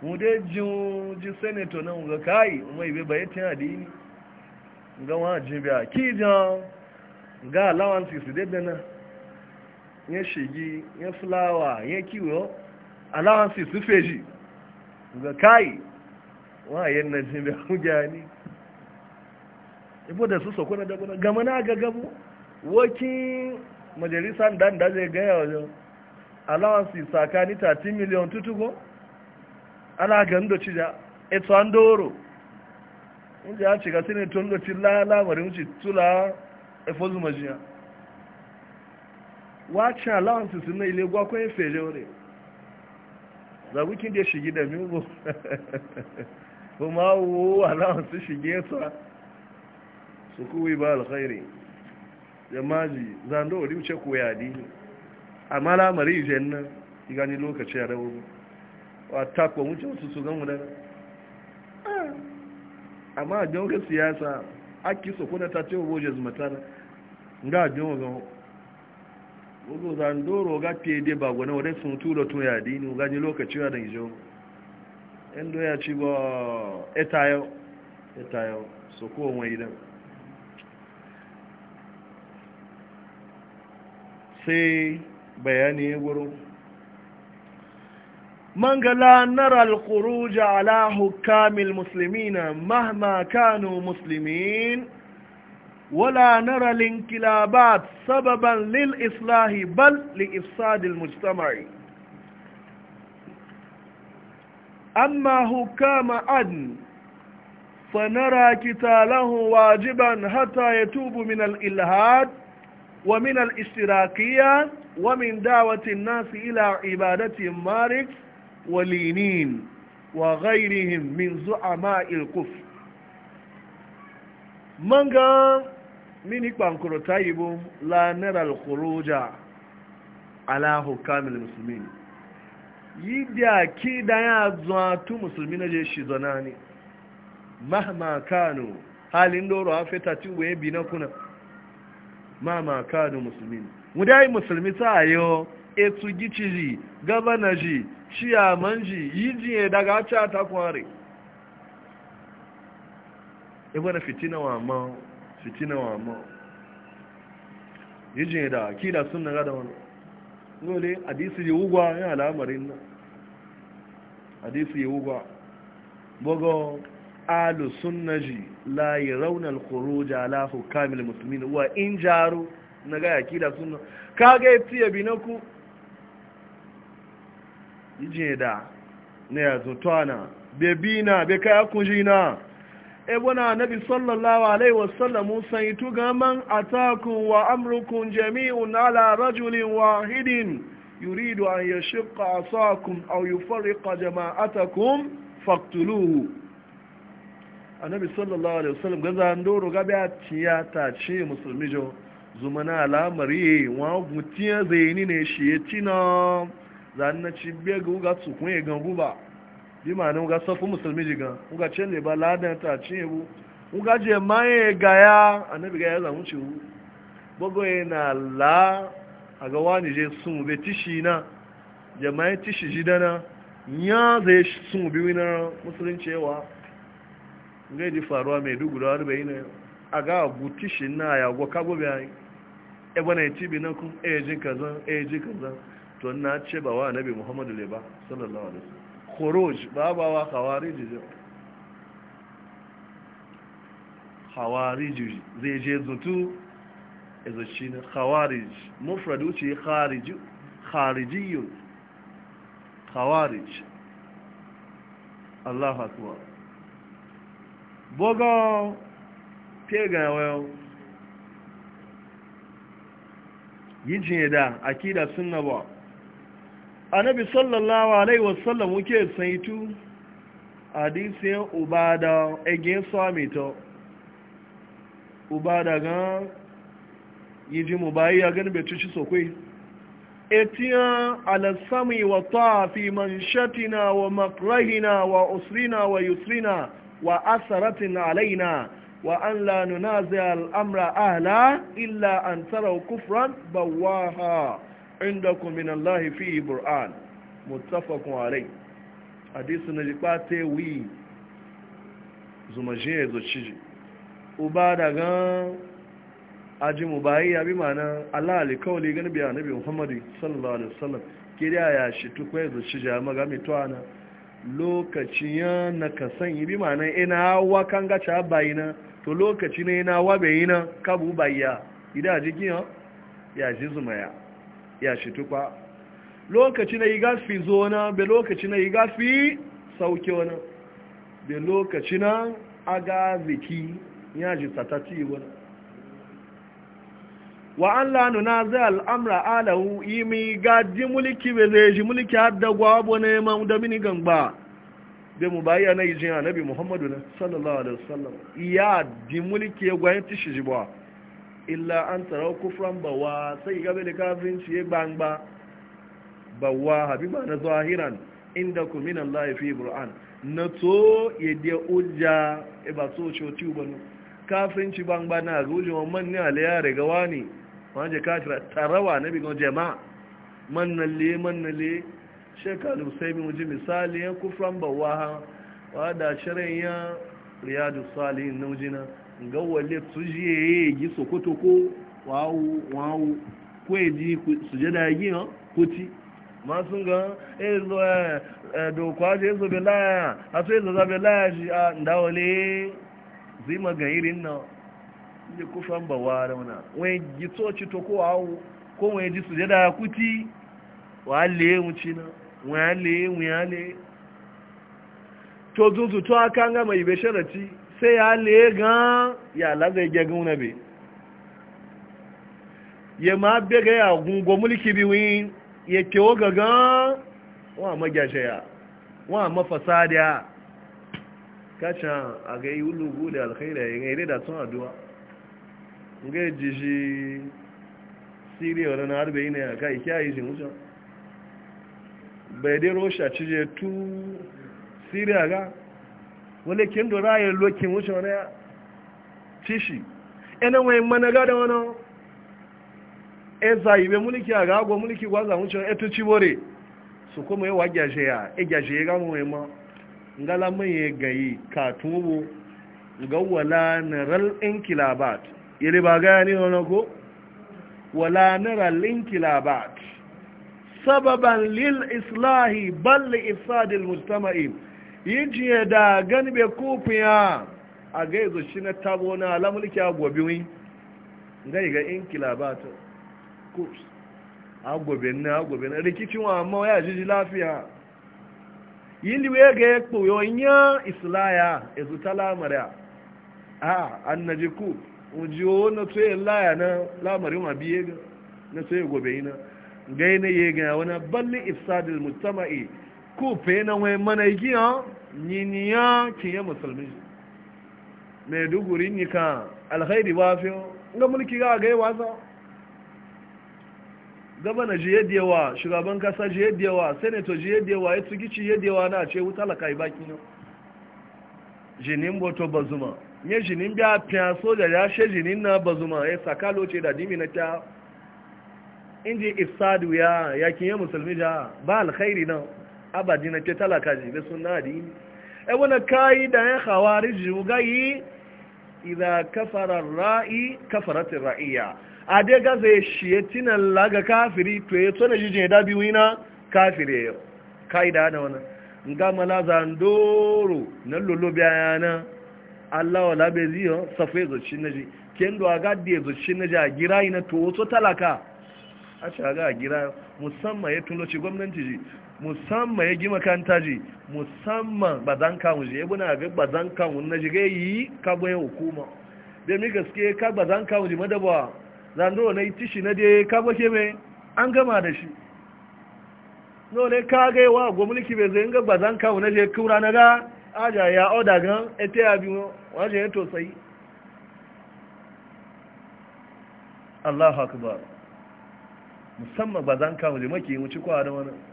A: mu dai ji senator nan ga kai mai bai bai tin adini ga wa jibe a kijan ga allowances dai dana ya shigi ya fulawa ya kiwo oh. allowances su feji ga kai wa yan nan jibe ku gani ibo da su sokona da gona gama na ga gamu wakin majalisar dan da zai ga yawo allowances sakani 30 million tutugo ana ga ndoci da eto an doro inji a ci ga sini to ndoci lala wari wuce tula efozu majiya wacin allowances na ile gwakon ya fere wuri zagukin da shigi da miubo kuma wo allowances shige ta su kuwi ba alkhairi jamaji zando wari wuce koya dini amma lamari jen nan igani lokaci a rawar wata ko wucin su su gan wudan amma a ga ah, siyasa aki su kuna ta ce boje zumata ga jan ga Ogo zandoro ga fiye ba gwane sun tura tun yadi ni gani lokaci wa da ijo. Endo ya ci ba eh, etayo, etayo, so kowa wani idan. Sai bayani ya من لا نرى الخروج على حكام المسلمين مهما كانوا مسلمين ولا نرى الانقلابات سببا للإصلاح بل لإفساد المجتمع أما حكام عدن فنرى قتاله واجبا حتى يتوب من الإلهاد ومن الاشتراكية ومن دعوة الناس إلى عبادة ماركس walinin wa من زعماء zu'ama'il من manga mini kwankuro tayibo لا نرى al على حكام المسلمين al-muslimin yidya kida ya zuwa tu musulmi na je shi zonani mahma kanu halin doro a fita ci waye bi na kuna kanu musulmi mu musulmi etu gici ji gabana ji ciyaman ji yi jiye daga ca ta kware ibana fitina wa ma fitina wa ma yi jiye da kila sun na gada wani dole hadisi yi wugwa ya al'amarin na hadisi yi wugwa bugo alu sunnaji ji yarawna raunar khuruj ala alahu kamil musulmi wa in jaru na ga yakida sunna ya tiye binaku ije da na ya be bebi na be kaya kunji na ebona nabi sallallahu alaihi wasallam yi itu gaman atakum wa amrukum jami'un ala rajulin wahidin yuridu an yashqa asakum aw yufarriqa jama'atakum faqtuluhu annabi sallallahu alaihi wasallam gaza ndoro gabe atiya ta ce musulmi jo zumana alamari wa gutiya zaini ne shi ya zan na ci biya ga uga tsukun ya gan guba bi ma ne uga safu musulmi jigan uga ce ne ba ladan ta ci bu uga je ma ya gaya annabi ga ya zamu ci bu bogo na la a ga wani je sun be tishi na je jama'a tishi ji dana ya zai sun bi wina musulunci yawa ngai di faruwa mai dugu da harbe ina a ga gutishin na ya gwa kago bayan ebe na ya bi na kun eji eh, kazan eji eh, kazan to na ce ba wa nabi muhammadu le ba sallallahu alaihi khuruj ba ba wa khawariji zai khawariji zai je zutu ezo ne khawariji mufradu ce khariji kharijiyun khawariji Allahu akbar bogo tega wayo yijin da akida sunna ba annabi sallallahu alaihi wasallam wuke saitu hadisiyan ubada egen samito ubada ga yiji mu bayi ya gani betuci sokwe etiyan alasami wa tafi manshatina wa makrahina wa usrina wa yusrina wa asaratin alaina wa an la nunazi al'amra ahla illa an tarau kufran bawaha indakum min Allahi fi bur'an muttafaqun alayh hadisi na jipate wi zumaje zo ciji uba daga aji mubayi abi mana Allah alikauli gani biya nabi Muhammad sallallahu alaihi wasallam kiriya ya shi tukwai zo ciji amma ga mi toana lokaci ya na kasan yi bi mana ina wa kan gacha bayina to lokaci ne ina wa bayina kabu bayya idaji kiyo ya ji ya. ya shi tukwa lokaci na yi gafi zona be lokaci na yi gafi sauke wani be lokaci na aga ziki ya ji tatati wani wa an lanu na zai al'amra alahu imi gaji mulki be zai ji mulki hada gwabo na yamma da mini gangba be mu bayi yanayi yi jin anabi muhammadu na sallallahu alaihi wasallam iya ji mulki ya gwayanti shi jibawa illa an tsarau kufran bawa sai gabe da kafirinci ya gbangba bawa habiba na zahiran inda ku min Allah fi Qur'an na to ya dia ujja e ba so cho ti ubanu kafirinci gbangba na ruje wa man ne alaya daga wani wanje kafira tarawa na bi jama'a man na le man na le shekaru sai mu ji misali ya kufran bawa wa da shirin ya riyadu salihin nujina ga wale tujiye gi sokoto ko wawu wawu ko eji sujada gi han kuti ma sun ezo eh e, do kwaje ezo belaya aso ezo za belaya laya ji a ndawale zima ga irin na ne ku fan ba wara wana wai gi toci to ko wawu ko wai ji sujada kuti wale mu ci na wale wale to zuzu to aka ga mai be sharati sai ya le gan ya lazai gegun na be ya ma be ya gungo mulki bi ya kewo ga gan wa magyashe ya wa mafasadiya kacha a ga yi ulugu da alkhaira ya ga ire da tun addu'a ga jiji siriya wani na harbe yi ne a yi kyayi shi mutum bai dai rosha cije tu siriya ga wale kin do raye lokin wuce wani ya tishi ina wai managa da wani e zaibe mulki a gago mulki gwaza wuce wani e to cibore su kuma e wa gyashe ya e gyashe ya gama mai ma ngala mai ya gayi ka tubu ga wala ralin kilabat ili ba gaya ni wani ko wala ralin kilabat sababan lil islahi balli li ifsadil mujtama'i yi jiye da gani bai ya a gaizo shi na tabo na alamulki a gobe wi gai ga inkila ba ta kurs a gobe na a na rikicin wa amma ya jiji lafiya yi liwe ga ya koyon ya islaya ezu ta lamari a annaji ku ji ku na tsoye laya na lamarin ma biye na tsoye gobe yi na gai na yi ga wani balli ifsadil mutama'i ko fe na wai mana giya ke ya musulmi mai duguri ni ka alkhairi ba fi ga mulki ga ga wasa gabana ji yadda yawa shugaban kasa ji yadda yawa senato ji yadda yawa ya tugici yadda yawa na ce wuta lakai baki ne jinin boto bazuma ne jinin biya fiya soja ya she jinin na bazuma ya e saka loce da dimi na ta inji ifsadu ya yakin ya musulmi ja ba alkhairi nan abadi na ke talaka ji be sunna di e wala kai da ya khawarij ugayi idza kafara rai kafarat ar-ra'iya ade ga zai shiyetina laga kafiri to ya tsona jijin da biwina kafire kai da da wannan nga mala doro na lolo bayana Allah wala be ziyo safai zo shi ji. kendo aga de zo shi ji a yi na to so talaka a shaga a gira musamman ya tunoci ci gwamnati ji musamman ya gima kanta ji musamman ba zan kawo na ga ba zan na ji yi ka bai hukuma da mi gaske ka ba zan kawo ji madaba na yi na dai ka ke mai an gama da shi no ne ka ga wa gwamnati bai zai ga ba zan na je kura na ga aja ya oda gan ete abi waje ya tosai? sai Allahu akbar musamman ba zan kawo maki mu ci kwa da wannan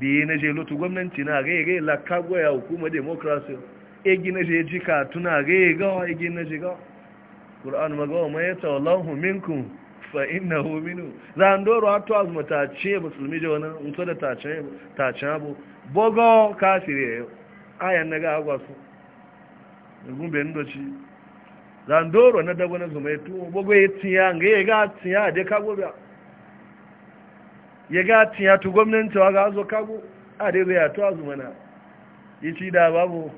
A: biye na je lotu gwamnati na ga ga la kagwa ya hukuma demokrasi egi na je jika tuna ga ga egi na je ga qur'an ma ya ta wallahu minkum fa innahu minu zandoro doro ato azuma ta ce musulmi je wannan unto da ta ce ta ce bogo kafire ayan na ga agwa su gumbe ndochi zan na dabo zuma etu bogo etiya ga ga de kagwa ya ga tu gwamnati wa ga zo kago a dai zai yato azu mana ya ci da babu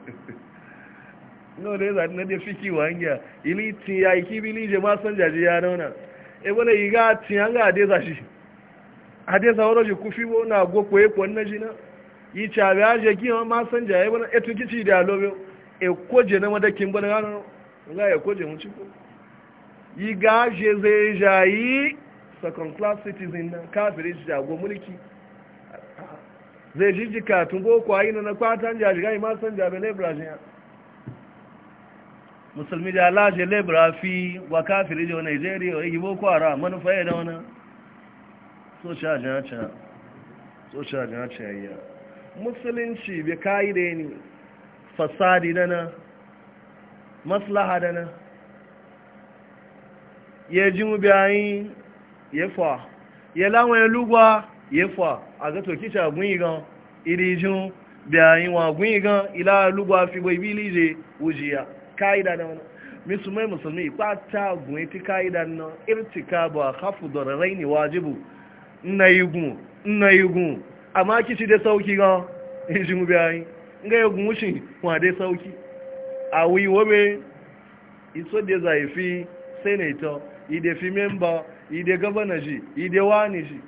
A: no dai za na dai fiki wa hangiya ili tiya iki bili je ma san jaje ya nuna e wala yi ga ya ga dai za shi a dai za woro ku kufi wo na go ko e shi na na yi cha ga je ki ma san jaje wala e, e tuki ci da lobe e koje na madakin bana ga za ga e mu ci ko yi ga je zai jayi second class citizen na kafiri shi jago mulki zai jiji katun boko a yi na kwatan jajiga yi masan jabe lebra jiya musulmi da alaji lebra fi wa kafiri da nigeria yi boko ara manufa ya da wani social jinaciya social jinaciya yi musulunci bai kayi da ni fasadi na, maslaha da na, ya ji mu bayan yefa ya láwọn ẹlúgbà yefa àgẹ́tò kíṣà gún igan ìrìjún bí àyíwọ̀n gún igan ilá ẹlúgbà fígbò ibi ilé òjìyà káìdà náà musulmi musulmi ipata gùn etí káìdà náà irtika bọ̀ àkáfùdọ̀rẹ̀ rẹ̀ wájíbù nna igun nna igun amma gan a iso ide gabana ji ide wani ji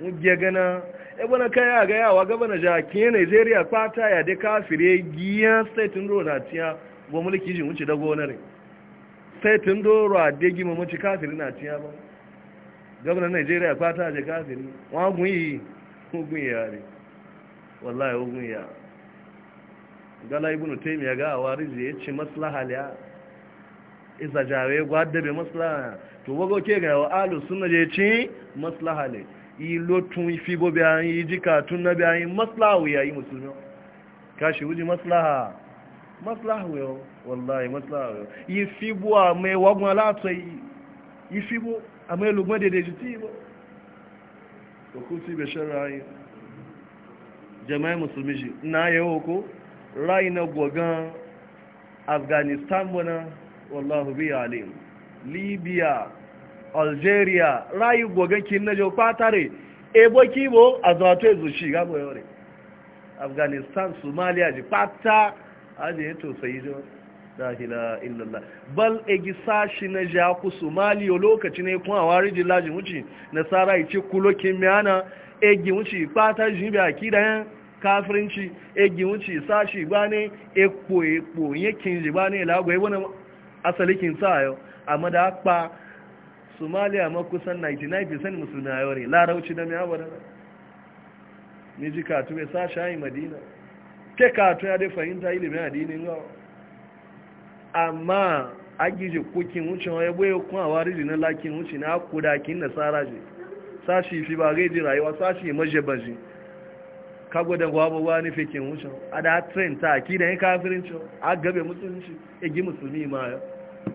A: mugye gana ebe na kaya ga yawa gabana ji a kiyan nigeria fata ya de kafire giya state ndo na tiya bo mulki ji wuce da gonar state ndo ro ade gi mu ci kafire na tiya ba gabana nigeria fata je kafire wa gun yi gun ya re wallahi gun ya gala ibn taymiya ga awarizi ya e ci maslaha liya iza e jawe gwadda be maslaha to wago ke ga wa alu sunna je ci maslaha ne yi lotun fi bo bayan yi jika tun na bayan maslaha ya musulmi kashi wuji maslaha maslaha maslaha yi fi a yi fi ko kuti be shara'i musulmi na na afghanistan bana wallahu bi alim libya algeria rayu gogankin na jofa tare ebo kibo a zato ezu shi gabo yore e afghanistan somalia ji pata aje yato sai jo dahila illallah bal egi sashi na ja somali o lokaci ne kun awari ji laji wuce nasara ice kulokin miyana egi wuce pata jibi akida yan kafirinci egi wuce sashi gbane ekpo ekpo yankin ji gbane lagwa ebo na asalikin sa yau amma da akpa somalia ma kusan 99% musulmi a yawari larauci da mai abu da ni ji katu mai sa shayi madina ke katu ya dai fahimta ilimin adinin gawa amma agije kukin wucin wa yabo kun kuma wariji na lakin wuce na kudakin na saraje sashi fi ba gaji rayuwa sashi maje baje kago da gwabo ni fikin wucin a da trenta ta kidan ya kafirin cewa a gabe musulunci igi e musulmi ma yau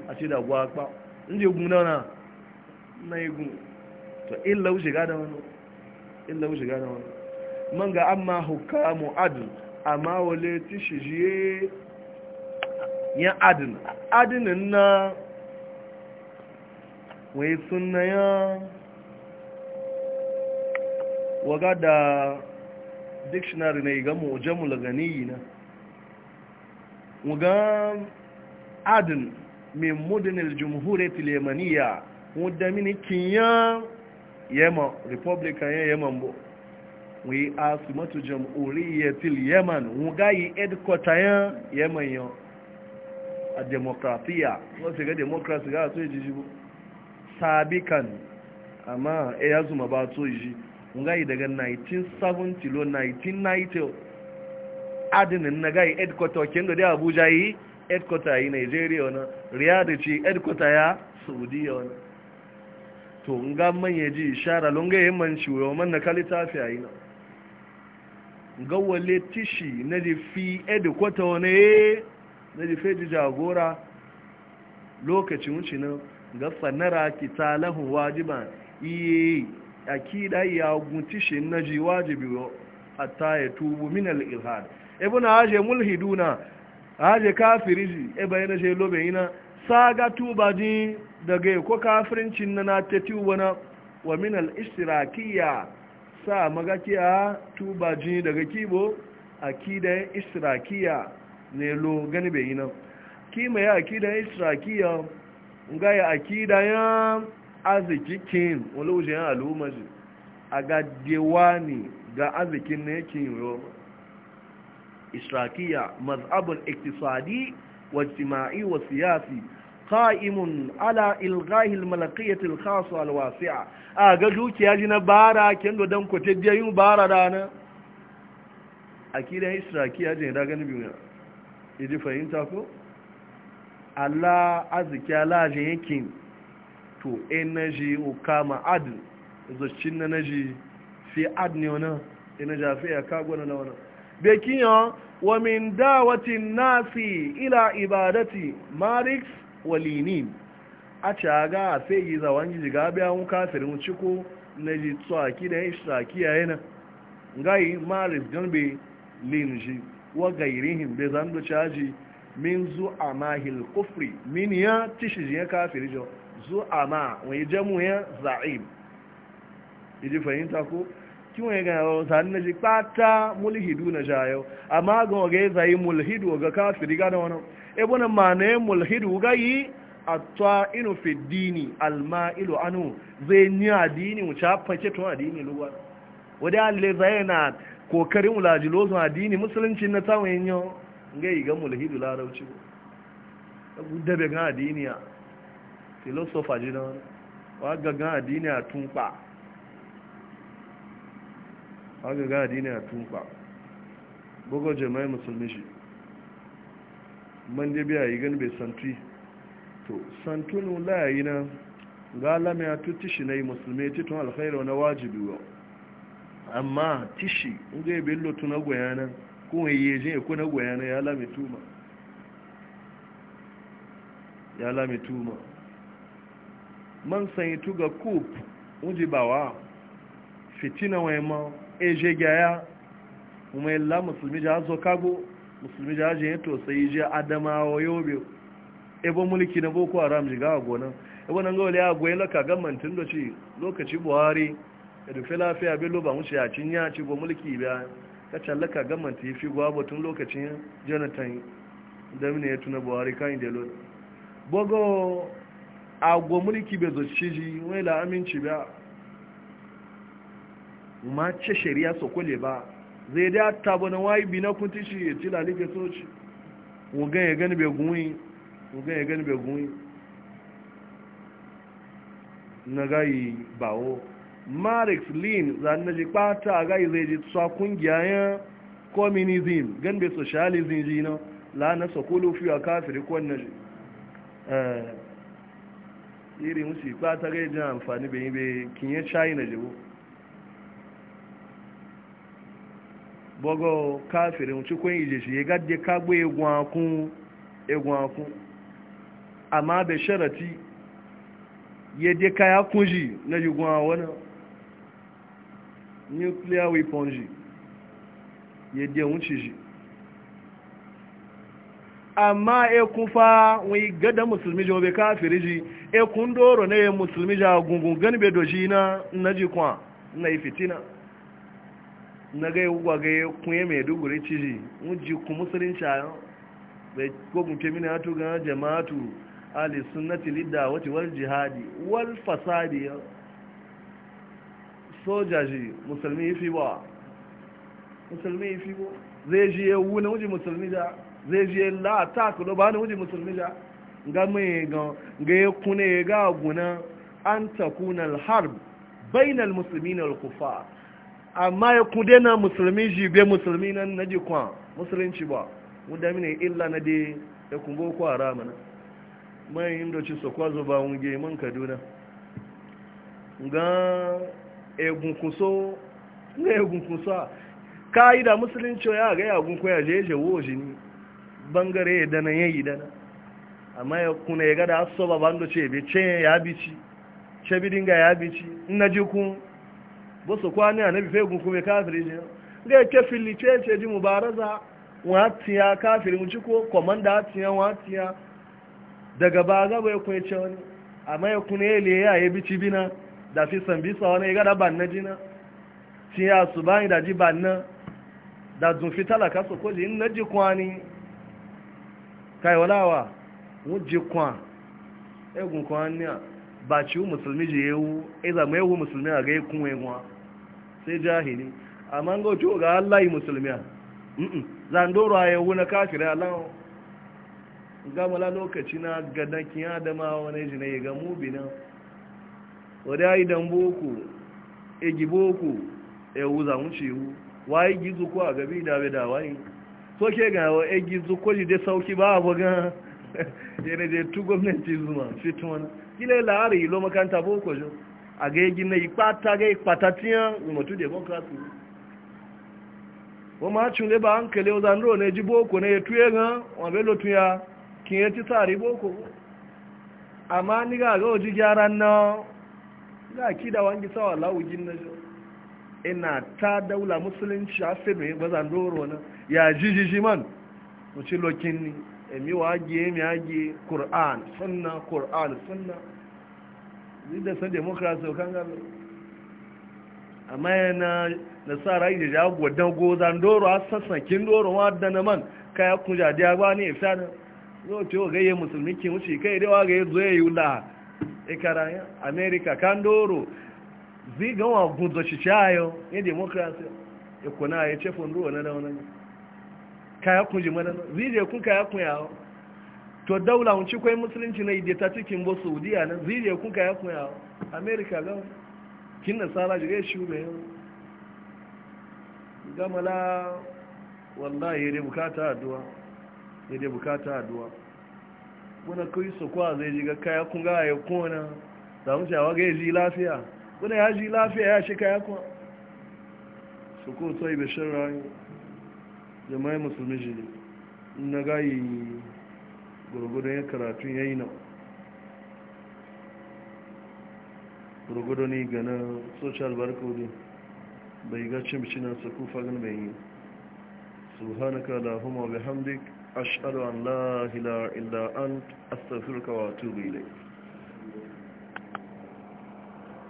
A: a ce da guwa kpa in na na yi gun to illa wuce gada wani illa wuce gada wani man ga amma hukamu adil amma wale ti shijiye ya adin adilin na wai suna ya waga da dictionary na iga mu jamul ganiyi na waga adil min mudinil jumhuriyar yamaniya wadda mini kinya yaman republican ya yaman bo wi asimatu jamhuriyar yaman wuga yi edkota ya yaman yau a demokratiya wasu ga demokrasi ga so ijiji bu sabikan amma e ya zuma ba so iji wuga yi daga 1970 lo 1990 adinin na ga yi edkota kendo da abuja yi edkota yi nigeria wani riyadu ce edkota ya saudiya wani to nga manye ji shara lunga yi manci wa manna kalita fi a yi na ga wale tishi na ji fi edkota wani eh, na ji feji jagora lokacin wuce nan ga fanara ki ta lahun wajiba iye kida ya guntishe na ji wajibi hatta ya tubu minal ilhad ibn aje mulhiduna aje kafiri ji e bayyana shi lobe yana saga tuba ji daga ko kafirincin na na ta tuba na wa min al-istirakiya sa magakiya tuba ji daga kibo akidan istirakiya ne lo gani bai yana kima ya akidan istirakiya nga ya akidan ya arziki kin wala ya al'umma ji a ga dewani ga arzikin ne kin yi إشراكية مذهب الاقتصادي واجتماعي والسياسي قائم على إلغاء الملكية الخاصة الواسعة أقول لك يا جنا بارا كندو دمكو تديين بارا دانا أكيد إشراكية جنا دانا بيونا إذا فهمتكو Allah Allah je yankin to energy kama adl zo na naji fi adni wannan ina jafi ya na wannan bekiyan wa min dawatin nasi ila ibadati marix walinin a caga a sai yi zawon ga gabi an kafirin ciko na ji tsaki da ya tsaki yayi na gai maris ganbe linji wa gairihin bai zando caji min zu a mahil kufri min ya tishiji ya kafiri jo zu a ma wani jamu ya za'im iji fahimta ku. kiwon ga yawon sani na ji kpata mulhidu na jayo amma ga waga zai mulhidu ga kafiri ga da wani ebuna ma ne mulhidu ga yi a twa inu fi dini alma ilu anu zai ni adini mu ca fake tun adini luwa wadda alle zai e na kokarin wulajilo su adini musulunci na samun yin yau ga yi ga mulhidu larauci dabe gan adini a filosofa ji da wani wa ga gan adini a tun kpa aga ga adini a tumba bugo jama'i musulmi shi man da biya yi gani bai santu to santunu layayi na ga alama ya tu tishi na yi musulmi titun alkhairu na wajibi wa amma tishi inda ya lotu na goyana kuma yi je ko na goyana ya lami tuma ya lami tuma man sanyi tuga kub uji bawa fitina wa ma eje gaya kuma illa musulmi ja zo kago musulmi ja je to sai je adamawa yobe ebo mulki na boko haram jiga a gonan ebo nan gole ya goyi laka gamantin da ci lokaci buhari da dufe lafiya bai loba mu ya cin ya ci go mulki ba ka tallaka gamanti fi gwabo tun lokacin jonathan da mine ya tuna buhari kan da lo bogo a go mulki bai zo ci ji wai la aminci ba ma ce shari'a sokole ba zai da ta bana wayi bi na kunti shi ya ci lalife soci wugan ya gani bai gunwi wugan ya gani bai na gayi bawo marx lin zan na ji kpata gayi zai ji tsa kungiya ya communism gan be socialism ji na la na sokolo fiye kafiri kwan na ji eh, irin wuce kpata gayi jin amfani bai yi bai kinye china jibo bogo kafirin cikin ije shi ya gadde kagbo egun akun amma da sharati ya de kaya kunji na jigun a wani nuclear weapon ji ya de wuce shi amma e fa wani gada musulmi ji obe kafiri ji e kun doro na musulmi ji a gungun gani be doji na na jikwa na ifitina fitina na ga yi gwaga ya kunye mai duguri ciji ji ku musulunci a bai kogun ke hatu gana jama'atu ali na tilida wati wal jihadi wal fasadi sojaji musulmi fi ba musulmi fi ba zai ji ya wuna wuji musulmi da zai ji ya la ta da ba wuji musulmi da ga mai ga ya kunye ga guna an takunan harb bainal muslimin al kufar amma ya kude na musulmi shi be musulmi nan na jikwa musulunci ba wadda mini illa na dai ya kumbo kwa ramana mai yin doci su kwazo ba wunge man kaduna ga egunkuso kuso ga ka yi da musulunci ya ga yagun kwaya je je wo bangare ya dana ya yi dana amma ya kuna ya gada asoba ba bando ce ce ya bici ce bidinga ya bici na jikun boso kwani anabi fegu kume kafiri je ga ke fili cece ji mubaraza watiya kafiri mu ciko komanda atiya watiya daga baga bai ku ce wani amma ya kune ya yi bici bina da fi san bisa wani ga da banna na. tiya su bani da ji banna da zun fi talaka so ko in naji kwani kai walawa mu ji kwa egun ba ciwu musulmi je yawu iza mai wu musulmi e a gai e kun yawa sai jahili amma mango ciwo ga Allah yi musulmi a? zandoro a yawu na kafira Allah gamala lokaci na gadakin adama wani jina ya ga mubina wadda ya yi dan boko egi boko wu za mu ciwu waye gizu ko a gabi da bai da waye so ke ga wa e gizu zu ko ji dai sauki ba abu ga yana je tu gwamnati zuma fitona kile laari lo makanta boko jo agegi na ipata ge ipata democracy wọ́n máa tún lébà ń kèlé ọzàndó ní ẹjú bóòkò ní ètú ẹ̀gán wọ́n bẹ́ ló ya kí ẹ ti sáàrí bóòkò àmá nígbà àgọ́ òjú gyara náà nígbà wọ́n gísà wà láwùjí náà ina ta daula musulunci a fẹ́nu man ni emi waje mi haji kur'an sunna kur'an sunna da san demokrasi kan gabe amma yana nasara yi da jago gozan doro a sassakin doro ma da na man kayan kunja da ya bani ifta da yau ce wa yi musulmi kin wuce kai da wa gaye yi zo ya yi wula ikara e ya Amerika kan doro zigan wa gudzo shi chayo ya demokrasi ya e kuna ya ce ruwa na daunan kaya kun ji mana zire kun kaya yawo to daula hunci kwai musulunci na ideta cikin bo saudiya na zire kun kaya yawo amerika ga kin nasara jire shi mai yau gamala wallahi dai bukata aduwa dai bukata aduwa. kuna kai su kwa zai ji ga kaya kun ga ya kona samun mun cewa ga ji lafiya kuna ya ji lafiya ya shi kaya su ko sai bishin rayu jama'i musulmi shi ne na gayi gurgudun ya karatun ya yi na gurgudun ne ga na social barcode bai ga cin bicinan su kufa gan bai yi subhanaka allahumma hamdik ashhadu an la ilaha illa an astafirka wa tubi ilayk